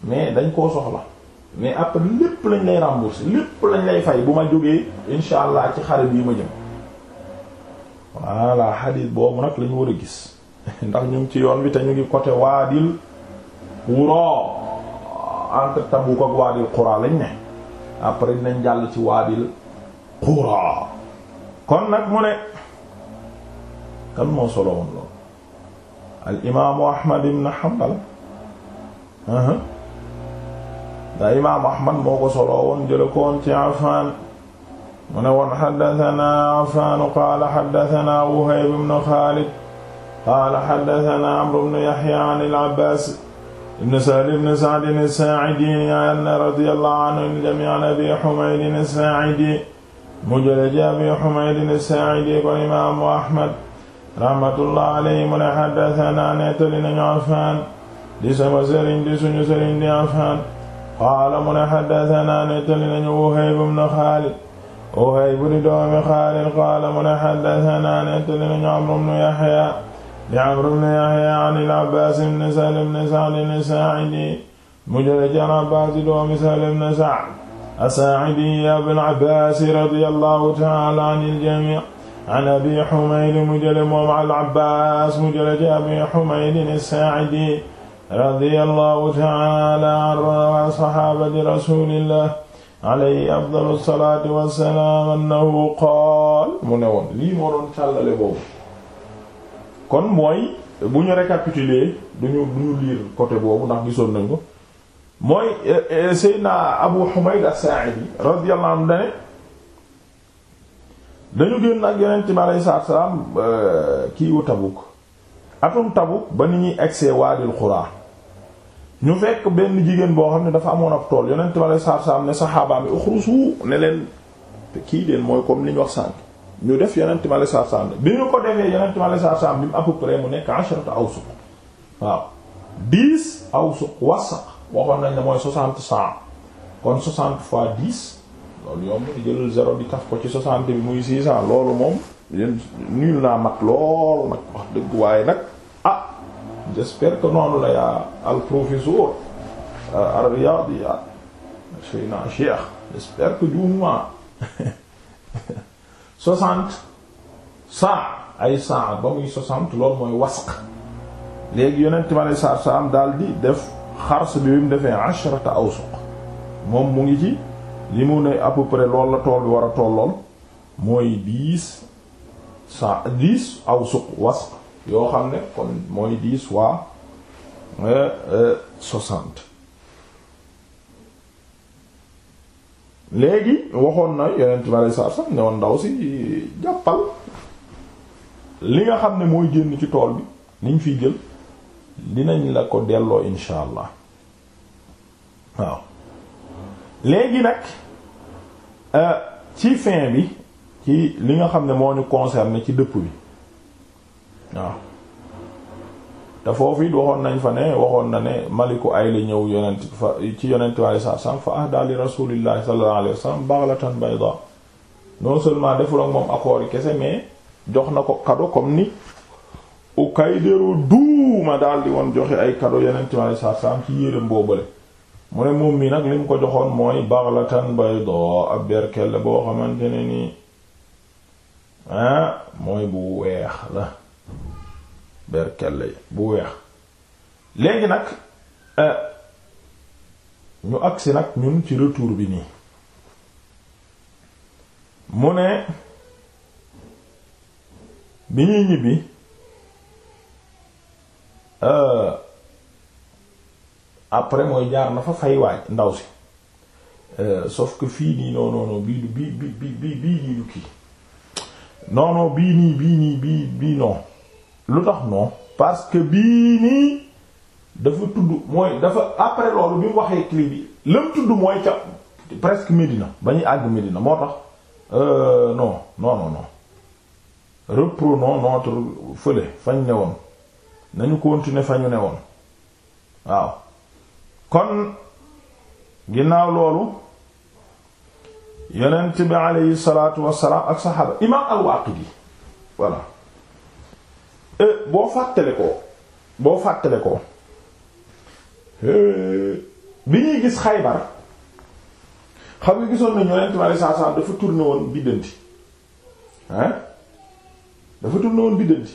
mais dañ koo soxla mais après lépp lañ lay rembourser lépp lañ lay fay bu ma jógee insha allah ci xare bii ma jëm voilà xadiis boobu nag lañu war a gis ndax ñu ngi ci yoon bi te ñu ngi côté waadil Qura entre Tabuk ak waadil Qura lañ ne après dinañ jàll ci waadil Qura kon nag mu ne kan moo solo woon loolu al imaamu Ahmad ibn Hanbal da imaam ahmad moo ko soloo woon jële ko woon ci afaan mu ne woon xaddatanaa afaanu qaala xaddatanaa wuhayb ibn xaalid qaala xaddatanaa amr ibn yaxya an al-abbaas ibn sahl ibn sa'din as-saa'idi anna radiyallahu anhu al-jamii' an abi humaydin as-saa'idi mu jële ji abi humaydin as-saa'idi kon imaamu ahmad rahmatullah alayhi mu ne xaddatanaa nettali nañu afaan di sama sëriñ di suñu sëriñ di afaan qaala mu ne xaddatanaa nettali nañu Wuhayb ibn Xaalid Wuhayb di doomi Xaalid qaala mu ne xaddatanaa nettali nañu Amr ibn Yahya di Amr ibn Yahya an al-Abbaas ibn Sahl ibn Sa'd as-Saa'idi mu jële ci al-Abbaas di doomi Sahl ibn Sa'd as-Saa'idi Abul Abbaas radiyallahu ta'aala anil jamii' an Abi Humayd mu jële moom al-Abbaas mu jële ci Abi Humayd as-Saa'idi radiyallahu ta'ala an saxaabati rasulillah alayhi afdalu salaati wassalaam annahu qaal mu ne woon lii moo doon càllale boobu kon mooy bu ñu récapituler duñu duñu liir côté boobu ndax gisoon nañ ko mooy eh, eh, Seydina Abu Humayd as-Sa'idi radiyallahu anhu dañu génn ak yonent bi alayhi salaatu wa salaam eh, kiiwu Tabuk atum Tabuk ba ni ñuy egsee waadil xuraa ñu fekk benn jigéen boo xam ne dafa amoon ak tool yonent ma lay saar-saam ne saxaabaam yi uxrusu neleen kii leen mooy comme li ñu wax sànk ñu def yonent ma lay saar-saam bi ñu ko defee yonent ma lay saar-saam bi mu à peu près mu nekk asharata awsuq waaw dix awsuq wasaq waxoon nañ ne mooy soixante cent kon soixante fois dix loolu yomb jëlal zéro di taf ko ci soixante bi muy six cent loolu moom yéen nul naa mag lool nag wax dëgg waaye nag ah j'espère que noonu la yaa al professeur euh, al riyadiyat seyna cheikh j'espère que juuma soixante saa ay saa ba muy soixante loolu mooy wasq léegi yonent ma lay saa saa am daal di def xars bi bi mu defee ashrata awsuq moom mu ngi ci li mu ne à peu près loolu la tool bi war a tollool mooy dix cent dix aw suq wasq yoo xam ne kon mooy dix waa euh, euh, soixante léegi waxoon na yonent bi alei satu ne woon ndaw si jàppal li nga xam ne mooy génn ci tool bi liñ fi jël dinañ la ko delloo insha allah waaw léegi nag euh, ci fin bi ci li nga xam ne moo ñu concerné ci dëpp bi waaw te foofu it waxoon nañ fa ne waxoon na ne maliku ay ñëw yonent fa ci yonent bi alayhi salaam fa ahda li rasulillahi sallallahu alayhi wasallam baghlatan bayda non seulement deful ak moom accord kese mais jox na ko kado comme ni ukay déru duuma daal di woon joxe ay cadeau yonent bi alayhi salaam ci yéreem boobale mu ne moom mi nag li mu ko joxoon mooy baghlatan bayda ab berkelle boo xamante ne nii Ah, mooy bu weex la berkelle bu weex léegi nag euh, ñu agsi nag ñun ci retour bi nii mu ne bi ñuy ñibbi euh, après mooy jaar na fa fay waaj ndaw si euh, sof ko fii nii non non non bii du bii bii du kii non non bii nii bii nii bii bii lu tax non parce que bii nii dafa tudd mooy dafa après loolu bi mu waxee clé bi lam tudd mooy ca presque Médina ba ñuy àgg Médina moo tax euh, non non non non reprenons notre fële fañ ne woon nañu continuer fañu ne woon waaw kon ginnaaw loolu yonent bi aleyhi salaatu wassalaam ak saxaaba imaam al-Waaqidi voilà eh, boo fàttale ko boo fàttale ko eh, bi ñuy gis Xaybar xam nga gisoon nañu yonent bi aleyhi salaatu wassalaam dafa turne woon biddanti hein dafa tourné woon biddanti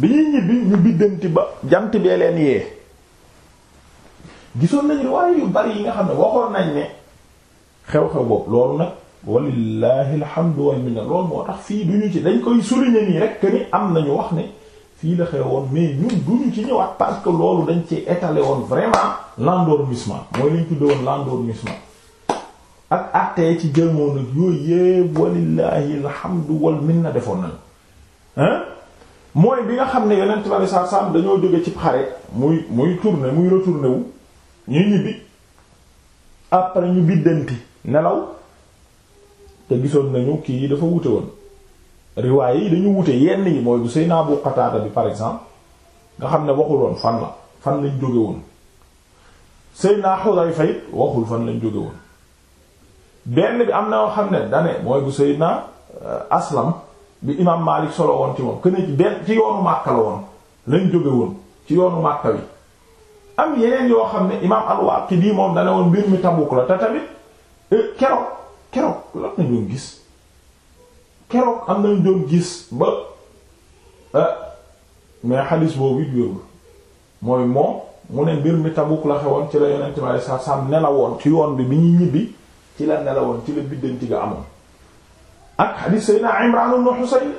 bi ñuy ñibbi ñu biddanti ba jant bee leen yee gisoon nañu riwaay yu bari yi nga xam ne waxoon nañ ne xew-xew boobu loolu nag walillahi alhamdu wal minna loolu moo tax fii duñu ci dañ koy souligner nii rek que ni am nañu wax ne fii la xewoon mais ñun du ñu ci ñëwaat parce que loolu dañ ci étale woon vraiment l'endormissement mooy lañ tudde woon l'endormissement ak attee ci jëlmoon nag yooyu yépp walillahi alhamdu wal minna defoon nañ hein mooy bi nga xam ne yonent bi sallallahu alayhi dañoo jóge ci xare muy muy tourner muy retourner wu ñuy ñibbi après ñu biddanti nelaw te gisoon nañu kii yi dafa wute woon riwaay yi dañu wute yenn yi mooy bu Seydina Abu bi par exemple nga xam ne waxul woon fan la fan lañ jóge woon Seydina Xudayfa it waxul fan lañ jóge woon benn bi am na yoo xam ne dane mooy bu Seydina euh, Aslam bi imaam Maalik solo woon ci moom këne ci benn ci yoonu Màkka la woon lañ jóge woon ci yoonu Màkka wi am yeneen yoo xam ne imaam al-Waaqidi moom dane woon mbir mi Tabuk la te tamit Eh, keroog keroog lan nañ doon gis keroog am nañ doon gis ba eh, mais xadis boobu it wérul mooy moom mu ne mbir mi Tabuk la xewoon ci la yonent bi alayhi salaam nelawoon ci yoon bi bi ñuy ñibbi ci la nelawoon ci la biddanti ga amoon ak xadis Seydina Imraan ibn Husayn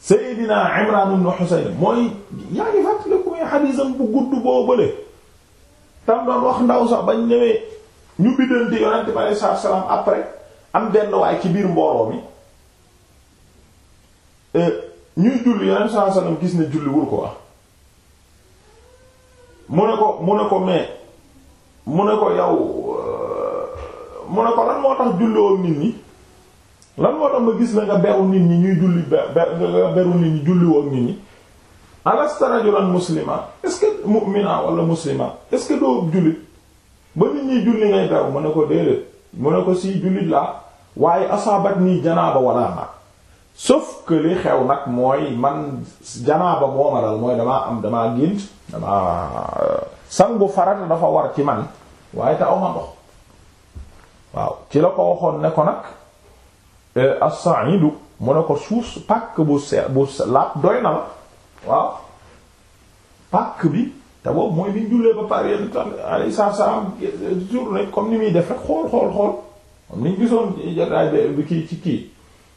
Seydina Imraan ibn Husayn mooy yaa ngi fàttaliku muy xadisam bu gudd boo bële tam doon wax ndaw sax bañ ñëwee ñu biddante yonent bi aleyhi salaatu salaam après am benn waay ci biir mbooloo mi euh, ñuy julli yonent bi salaatu salaam gis ne julliwul ko wax mu ne ko mu ne ko mais mu ne ko yow euh, mu ne ko lan moo tax julliwoo nit ñi lan moo tax ma gis la nga beru nit ñi ñuy julli nga beru nit ñi julliwoo nit ñi alasta rajulan muslima est-ce que mu'mina wala muslima est-ce que doo jullit ba nit ñi julli ngay daw mu ne ko déedéet mu ne ko si jullit laa waaye asaabat nii janaaba wala ma sauf que li xew nag mooy man janaaba moo ma dal mooy damaa am damaa gént damaa euh, sangu farata dafa war ci man waaye te aw ma ndox waaw ci la ko waxoon ne ko nag euh, as-sa'idu mu ne ko suuf pàkk bu se bu laab doy na la waaw pàkk bi te boobu mooy bi ñu jullee ba pare la tam alayhi salaam journée comme ni muy def rek xool bi kii ci kii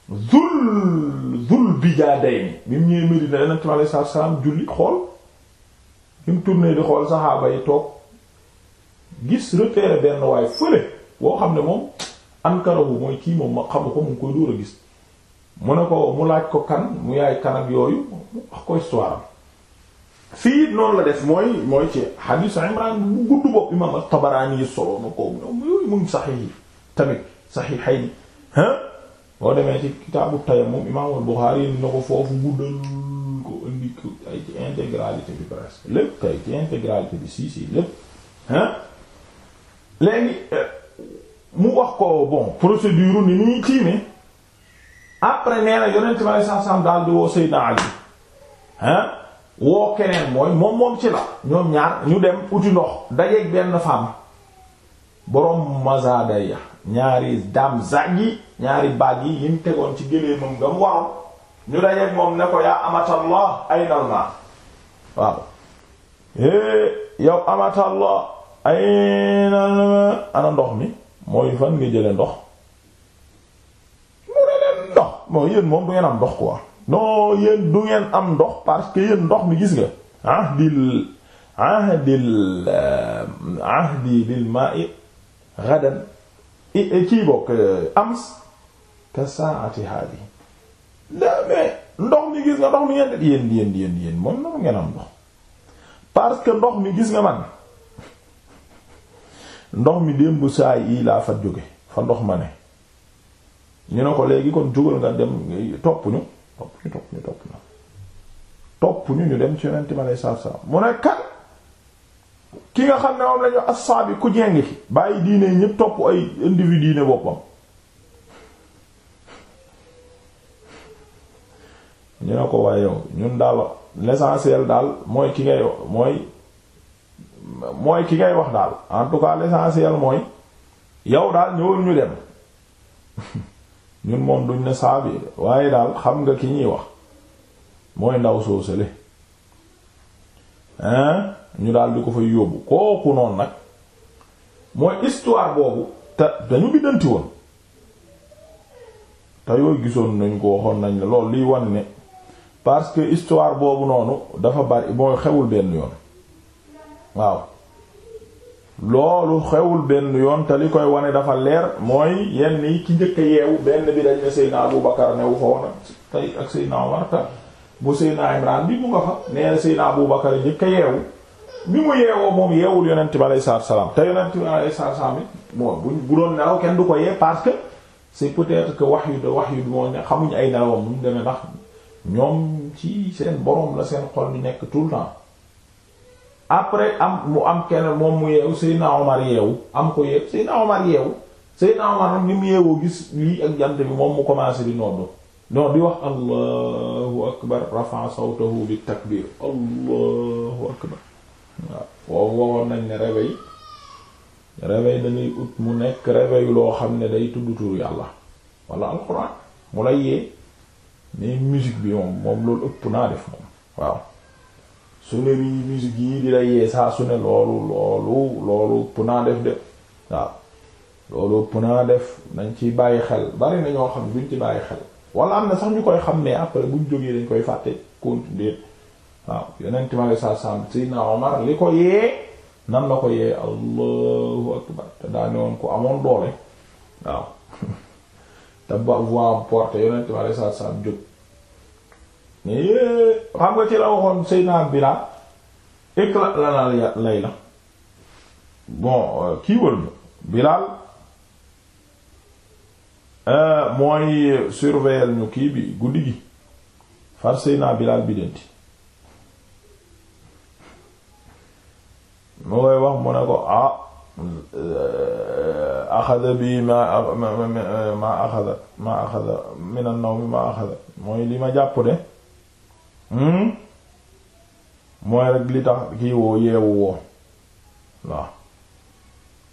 zul zul bi mu ñëwee Medina yéen tam alayhi salaam julli di xool saxaaba yi toog gis repéré benn waay fële boo xam ne moom ankarawu mooy kii moom ma xamu ko mu ngi koy dóor a gis mu ne ko mu laaj ko kan mu yaay kan ak yooyu wax ko histoire fii noonu la def mooy mooy ci hadith Imran bu gudd bopp imam at-Tabarani yi solo na ko ñoom mu ngi saxiix yi tamit saxiixayn ah boo demee ci kitaabu tayammum mu wax ko bon ni ni ñuy tiime après nee na yonent bi sallallahu alayhi wasallam daal di woo Seydina Ali ah woo keneen mooy moom moom ci la ñoom ñaar ñu dem uti ndox dajeeg benn femme boroom mazada ya ñaari dam zag ñaari baag yi yim tegoon ci gélee moom nga mu waaw ñu dajeeg moom ne ko yaa amatallah aynal ma waaw é eh, yow ndox mi mooy fan nga jële ndox mu ne leen ndox moo yéen moom du ngeen am ndox quoi non yéen du ngeen am ndox parce que yéen ndox mi gis nga ahdil ahdil eh, eh, kii bokk eh, ndox mi gis nga ndox ngeen di yéen di yéen di ngeen am ndox parce que ndox mi gis nga man ndox mi démb saa yi laa fa jóge fa ndox ma ne ñu ne ko léegi kon jógal nga dem topp ñu topp ñu topp ñu topp na topp ñu ñu dem ci yonent mi aleyhi salaatu salaam mu ne kan ki nga xam ne moom lañu assaabi ku jéngi bàyyi diine ñépp topp ay individu diine boppam ñu ne ko waaye yow ñun daal l'essentiel daal mooy ki ngay mooy mooy ki ngay wax daal en tout cas l'essentiel mooy yow daal ñëwul ñu dem ñun moom duñ ne saabi waaye daal xam nga ki ñuy wax mooy ndaw soosale hein ñu daal di ko fay yóbbu kooku noonu nag mooy histoire boobu te dañu biddanti woon te yooyu gisoon nañ ko waxoon nañ la liy wan ne parce que histoire boobu noonu dafa bari mooy xewul benn yoon waaw loolu xewul benn yoon te li koy wane dafa leer mooy yenn yi ci njëkk yeewu benn bi dañ ne Seydina Abu Bakar newu fa woon ak tey ak Seydina Umar bu Seydina Imran bi mu nga fa nee na Seydina Abu Bakar njëkk yeewu bi mu yeewoo moom yeewul yonent bi alayhi salaam te yonent bi alayhi salaam bi bon bu bu doon nelaw kenn du ko yee parce que c'est peut-être que wax yu de wax yu moo ne xamuñ ay nelawam mu demee ndax ñoom ci seen borom la seen xol bi nekk tout le temps. après am mu am kenn moom mu yeewu Seydina Omar yeewu am ko yeewu Seydina Omar yeewu Seydina Omar nag ni mu yeewoo gis lii ak jant bi moom mu commencé di noddu non di wax allahu akbar rafa'a sawtahu bi takbir allahu akbar waaw foofu waxoon nañ ne réveil réveil dangay ut mu nekk réveil loo xam ne day tudd tur yàlla wala alxuraan mu lay yee mais musique bi moom moom loolu ëpp naa def moom waaw sonnerie yi musique yi di lay yee saa su ne loolu loolu loolu pour naa def de waaw loolu pour naa def dañ ci bàyyi xel bari nañoo ñoo xam duñ ci bàyyi xel wala am na sax ñu koy xam ne après buñ jógee dañ koy fàtte continuer waaw yeneen timale saa saam Seydina Omar li ko yee nan la ko yee allahu akbar te daane woon amoon doole waaw te ba voix porte yeneen timale saa saam jóg mais xam nga ci la waxoon Seydina Bilaal ikla lana layla bon kii wër na Bilaal mooy surveiller ñu kii bi guddi gi far Seydina Bilaal biddanti mu koy wax mu ne ko ah axada bi ma ma axada ma axada min an-nawm ma axada mooy li ma jàpp de Hmm? mooy rek li tax kii woo yeewu woo waaw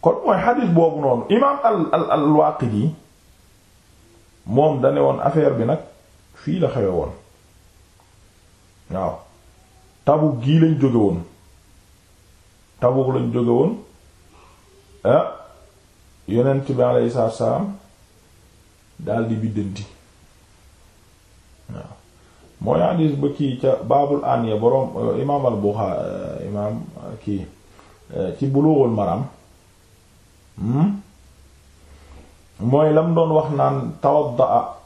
kon mooy xadis boobu noonu imaam al al al Waaqidi moom dane woon affaire bi nag fii la xewe woon waaw Tabuk gii lañ jóge woon Tabuk lañ jóge woon ah yonent bi alayhi salaam daal di biddanti waaw mooy hadis ba kii ca baabul aniya boroom eh, imaam al eh, imaam eh, kii ci Bulughul Maram hmm? mooy lam doon wax naan tawaddaa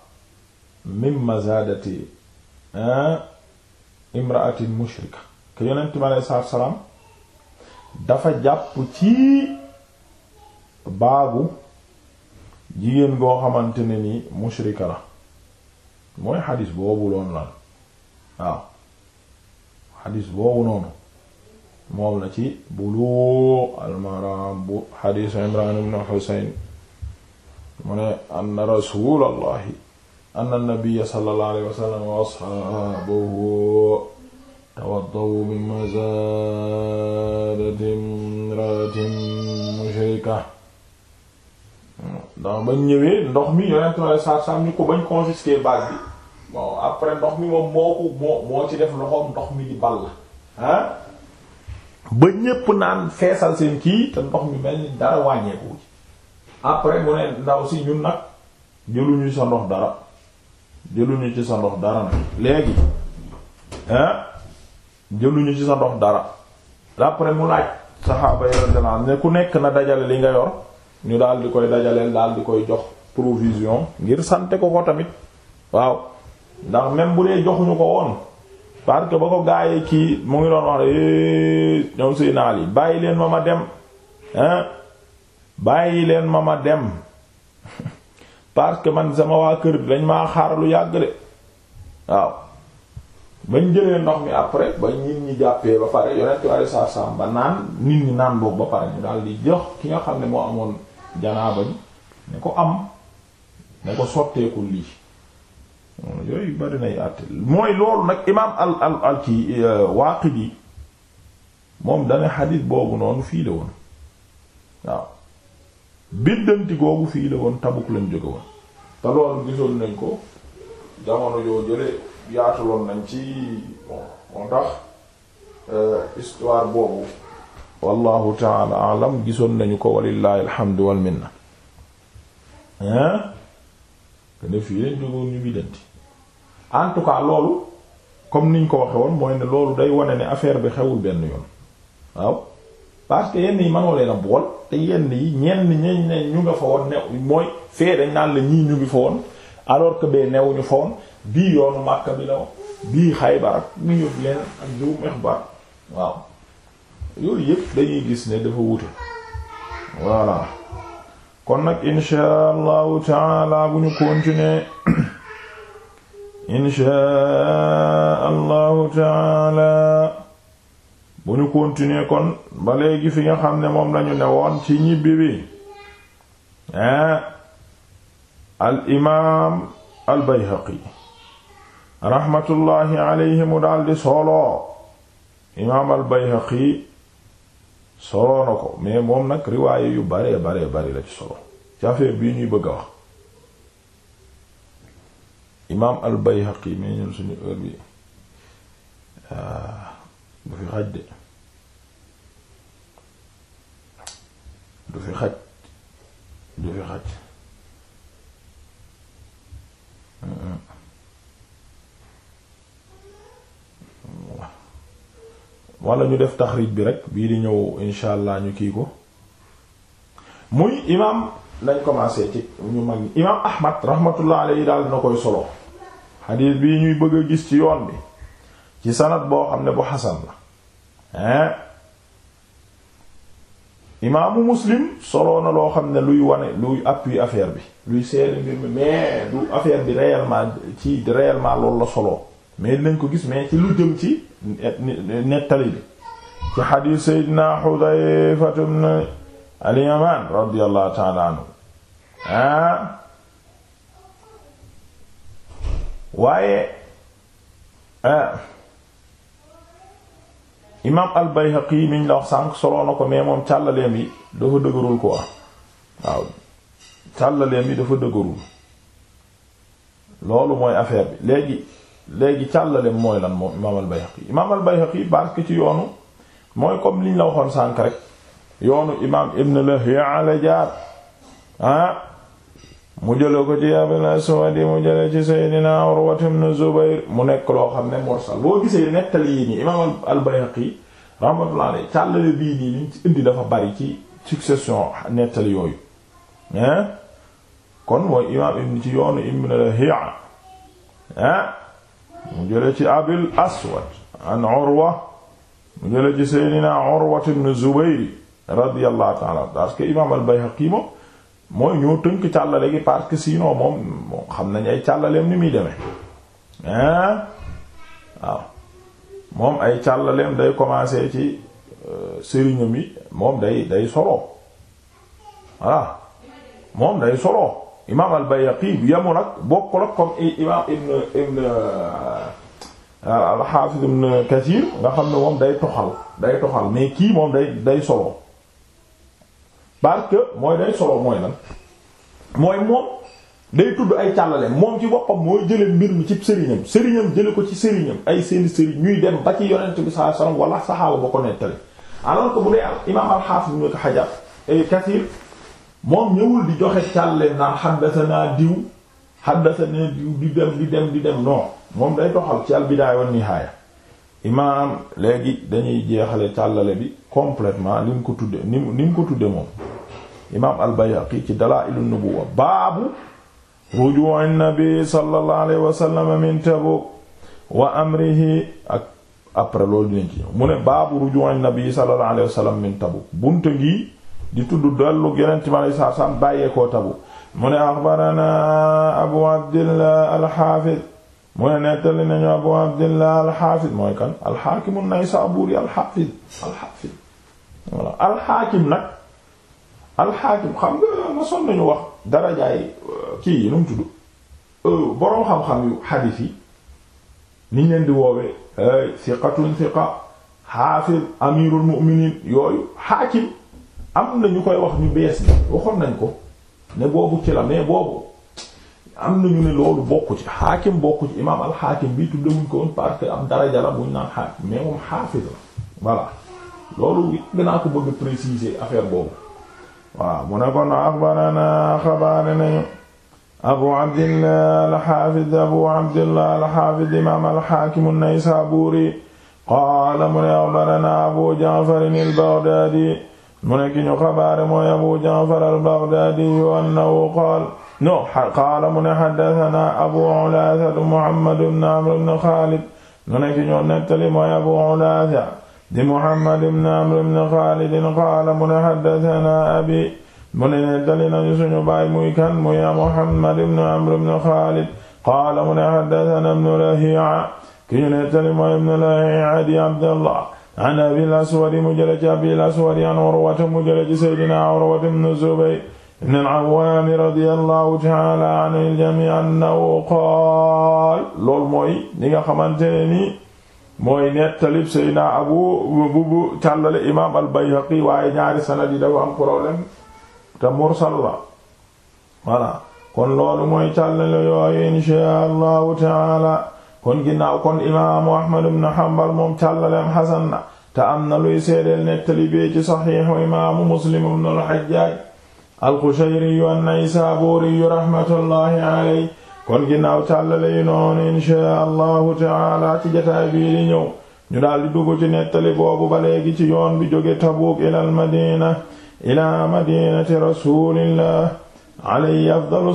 min mazadati imraatin mushrika ke yonent bi aleyhi salaam dafa jàpp ci baagu jigéen goo xamante ne ni mushrika la mooy hadis boobu loon lan waaw xadis boobu noonu moom la ci bulu almaram bu xadisu imran ibn xusain mu ne anna rasulallahi anna nabiyya sallallahu alayhi wa sallam wa ashabuhu tawaddawu bi mazadati imraatin mushrika ndax bañ ñëwee ndox mi yonentu Yàlla saar-saam ni ko bañ confisquer baag bi bon après ndox mi moom moo ko moo moo ci def loxoom ndox mi di ball ah ba ñépp naan feesal seen kii te ndox mi mel ni dara wàññeeku après mu ne ndaw si ñun nag jëluñu sa ndox dara jëluñu ci sa ndox dara nag léegi ah jëluñu ci sa ndox dara après mu laaj saxaaba yi radiyallahu ne ku nekk na dajale li nga yor ñu daal di koy dajaleel daal di koy jox provision ngir sante ko ko tamit waaw ndax même bu dee joxuñu ko woon parce que ba ko gaayee kii mu ngi doon wax rek eh, ñoom sëy naal bàyyi leen ma ma dem hein bàyyi leen ma ma dem parce que man sama waa kër bi dañ maa xaar lu yàgg de waaw bañ jëlee ndox mi après ba nit ñi jàppee ba pare yonent ware sa sam ba naan nit ñi naan boobu ba pare ñu daal di jox ki nga xam ne moo amoon janaaba ni ne ko am ne ko sotteekul lii yooyu bari nay mooy loolu nag imaam al al al ci euh, Waaqidi moom dana xadiis boobu noonu fii la woon waaw biddanti googu fii la woon Tabuk lañ jóge woon te loolu gisoon nañ ko jamono yoo jële yaatuloon nañ ci bon moo tax euh, histoire boobu wallahu taala alam gisoon nañu ko walillahi alhamdu wal hein ne fii lañ jógoon ñu biddanti en tout cas loolu comme niñ ko waxe woon mooy ne loolu day wane ne affaire bi xewul benn yoon waaw parce que yenn yi manoo leen a bool te yenn yi ñenn ñeñ ne ñu nga fa woon new mooy fee dañ naan ñii ñu ngi fa woon alors que bee newuñu fa woon bii yoonu Makka bi la woon bii Xaybar ak ñu leen ak jiw Mihbar waaw yooyu yëpp dañuy gis ne dafa wute voilà kon nag insha allahu taala bu ñu continuer insha allahu taala bu ñu continuer kon ba léegi fi nga xam ne moom lañu ne woon ci ñibbi bi eh, al imaam al bayhaqi raxmatullaahi alayhi mu daldi solo imaam al bayhaqi solo na ko mais moom nag riwaaye yu baree baree bari la ci solo ci affaire bii ñuy bëgg a wax imaam al-Bayhaqi mais ñun suñu heure bi euh, du fi xaj de du fi xaj du fi xaj wala ñu def taxrij bi rek bii di ñëw insha allah ñu kii ko muy imaam lañ commencé ci ñu mag ñi imaam ahmad rahmatullah alayhi daal dina koy solo xadiis bii ñuy bëgg a gis ci yoon bi ci sanad boo xam ne bu xasan la imaamu muslim soloo na loo xam ne luy wane luy appui affaire bi luy seede mbir mi mais du affaire bi réellement ci réellement loolu la solo mais dinañ ko gis mais ci lu jëm ci nettali bi ci xadiis Seydina Xudayfa ibn al-Yaman radiyallahu ta'ala ah? waaye ah, imaam al-Bayhaqi miñ la wax sànq soloo na ko mais moom càllaleem yi dafa dëgërul ko waaw càllaleem yi dafa dëgërul loolu mooy affaire bi léegi léegi càllale mooy lan moom imaam al Bayhaqi imaam al Bayhaqi parce ci yoonu mooy comme liñ la waxoon sànk rek yoonu imaam ibn Lahya la jaar ah mu jële ko ci Abul Aswad mu jële ci Seydina Urwa ibn Zubayr mu nekk loo xam ne mursal boo gisee nettali yi nii imaam al Bayhaqi rahmatullahi càllale bii nii liñ ci indi dafa bari ci succession nettali yooyu ah kon mooy imaam ibn ci yoonu ibn Lahya ah mu jële ci abil aswad an urwa mu jële ci seydina urwa ibn zubayr radiyallahu ta'ala parce que imaam al bayhaqi mooy ñoo tënk càllale gi parce que sinon moom moom xam nañ ay càllaleem ni muy demee hein waaw moom ay càllaleem day commencer ci euh, sëriñam yi moom day day solo voilà moom day solo imaam al bayhaqi bi yamu nag bokkul comme imaam ibn ibn al-Hafiz euh, Ibn Kathir nga xam ne moom day toxal day toxal mais kii moom day day solo parce que mooy day solo mooy lan mooy moom day tudd ay càllale moom ci boppam mooy jële mbir mi ci sëriñam sëriñam jële ko ci sëriñam ay seeni sëriñ ñuy dem ba ci yonent bi sallallahu alayhi wasallam wala saxaaba ba ko nettali alors que bu dee imaam al-Hafiz Ibn Hajar Kathir moom ñëwul di joxe càllale naan haddathana diw xaddasani di dem di dem di dem non moom day toxal ci al bidaaya wan nihaaya imaam léegi dañuy jeexale càllale bi completement ni mu ko tudde ni ni mu ko tudde moom imaam al bayhaqi ci dalaa'ilu nubuwwa baabu rujuu'in nabi sallallahu alayhi wa sallam min Tabuk wa amrihi ak après loolu dinañ ci ñëw mu ne baabu rujuu'in nabi sallallahu alayhi wa sallam min Tabuk bunte gi di tudd dellu geneen ci ma lay saa saam bàyyeekoo Tabuk mu ne axbarana abu abdillah alxaafid mu ne nettali nañu abu abdillah alxaafid mooy kan alxaakimu naysaabuuri alxaafid alxaafid voilà alxaakim nag alxaakim xam nga ma son nañu wax darajaay euh, kii yi nu mu tudd euh, boroom xam-xam yu xadiis yi niñ leen di woowee siqatun siqa xaafid amirul mu'minin yooyu xaakim am na ñu koy wax ñu bees ni waxoon nañ ko ne boobu ci la mais boobu am nañu ne loolu bokku ci xaakim bokku ci imaam alxaakim bi tuddewuñ ko woon ab daraja la buñ naan xaakim mais moom xaafis la loolu dinaa ko bëgg préciser affaire boobu waaw mu ne kon axbarana xabaare nañu abu abdillah alxaafid abu abdillah alxaafid imaam alxaakim an-Naysaburi mu ne axbarana abu ja'far al-Baghdadi mu ne ki ñu xabaare mooy abu ja'far al-baghdadi annahu qaala no qaala mu ne haddathana abu ulaatha muhammad ibn amr ibn xaalid mu ne ki ñu nettali mooy abu ulaatha di muhammad ibn amr ibn xaalid qaala mu ne haddathana abi mu ne nettali nañu suñu baay muy kan muy muhammad ibn amr ibn xaalid qaala mu ne haddathana ibn lahi'a ki ñu nettali mooy ibn lahi'a di abdallah an abil aswadi mu jële ci abil aswadi an urwata mu jële ci seydina urwata ibn zubayr ibn al-awwam radiyallahu ta'ala anil jami' annahu qaal loolu mooy li nga xamante ne ni mooy nettalib seydina abu bubu càllale imam al-bayhaqi waaye ñaari sanad yi dafa am problème te mursal la voilà kon loolu mooy càllale yooyu insha allahu ta'ala kon ginnaaw kon imaamu ahmad ibn hanbal moom càllaleem xasan na te am na nettali bi ci saxiixu muslim ibn al-hajjaaj al-qushayriyu an-naysaabuuriyu rahmatullahi alayhi kon ginnaaw càllale yi noonu inchaa allahu taala ci jataay bii di ñëw ñu nettali boobu ba léegi bi jóge tabuuk ilal madina ilaa madinati rasulillah alayhi afdalu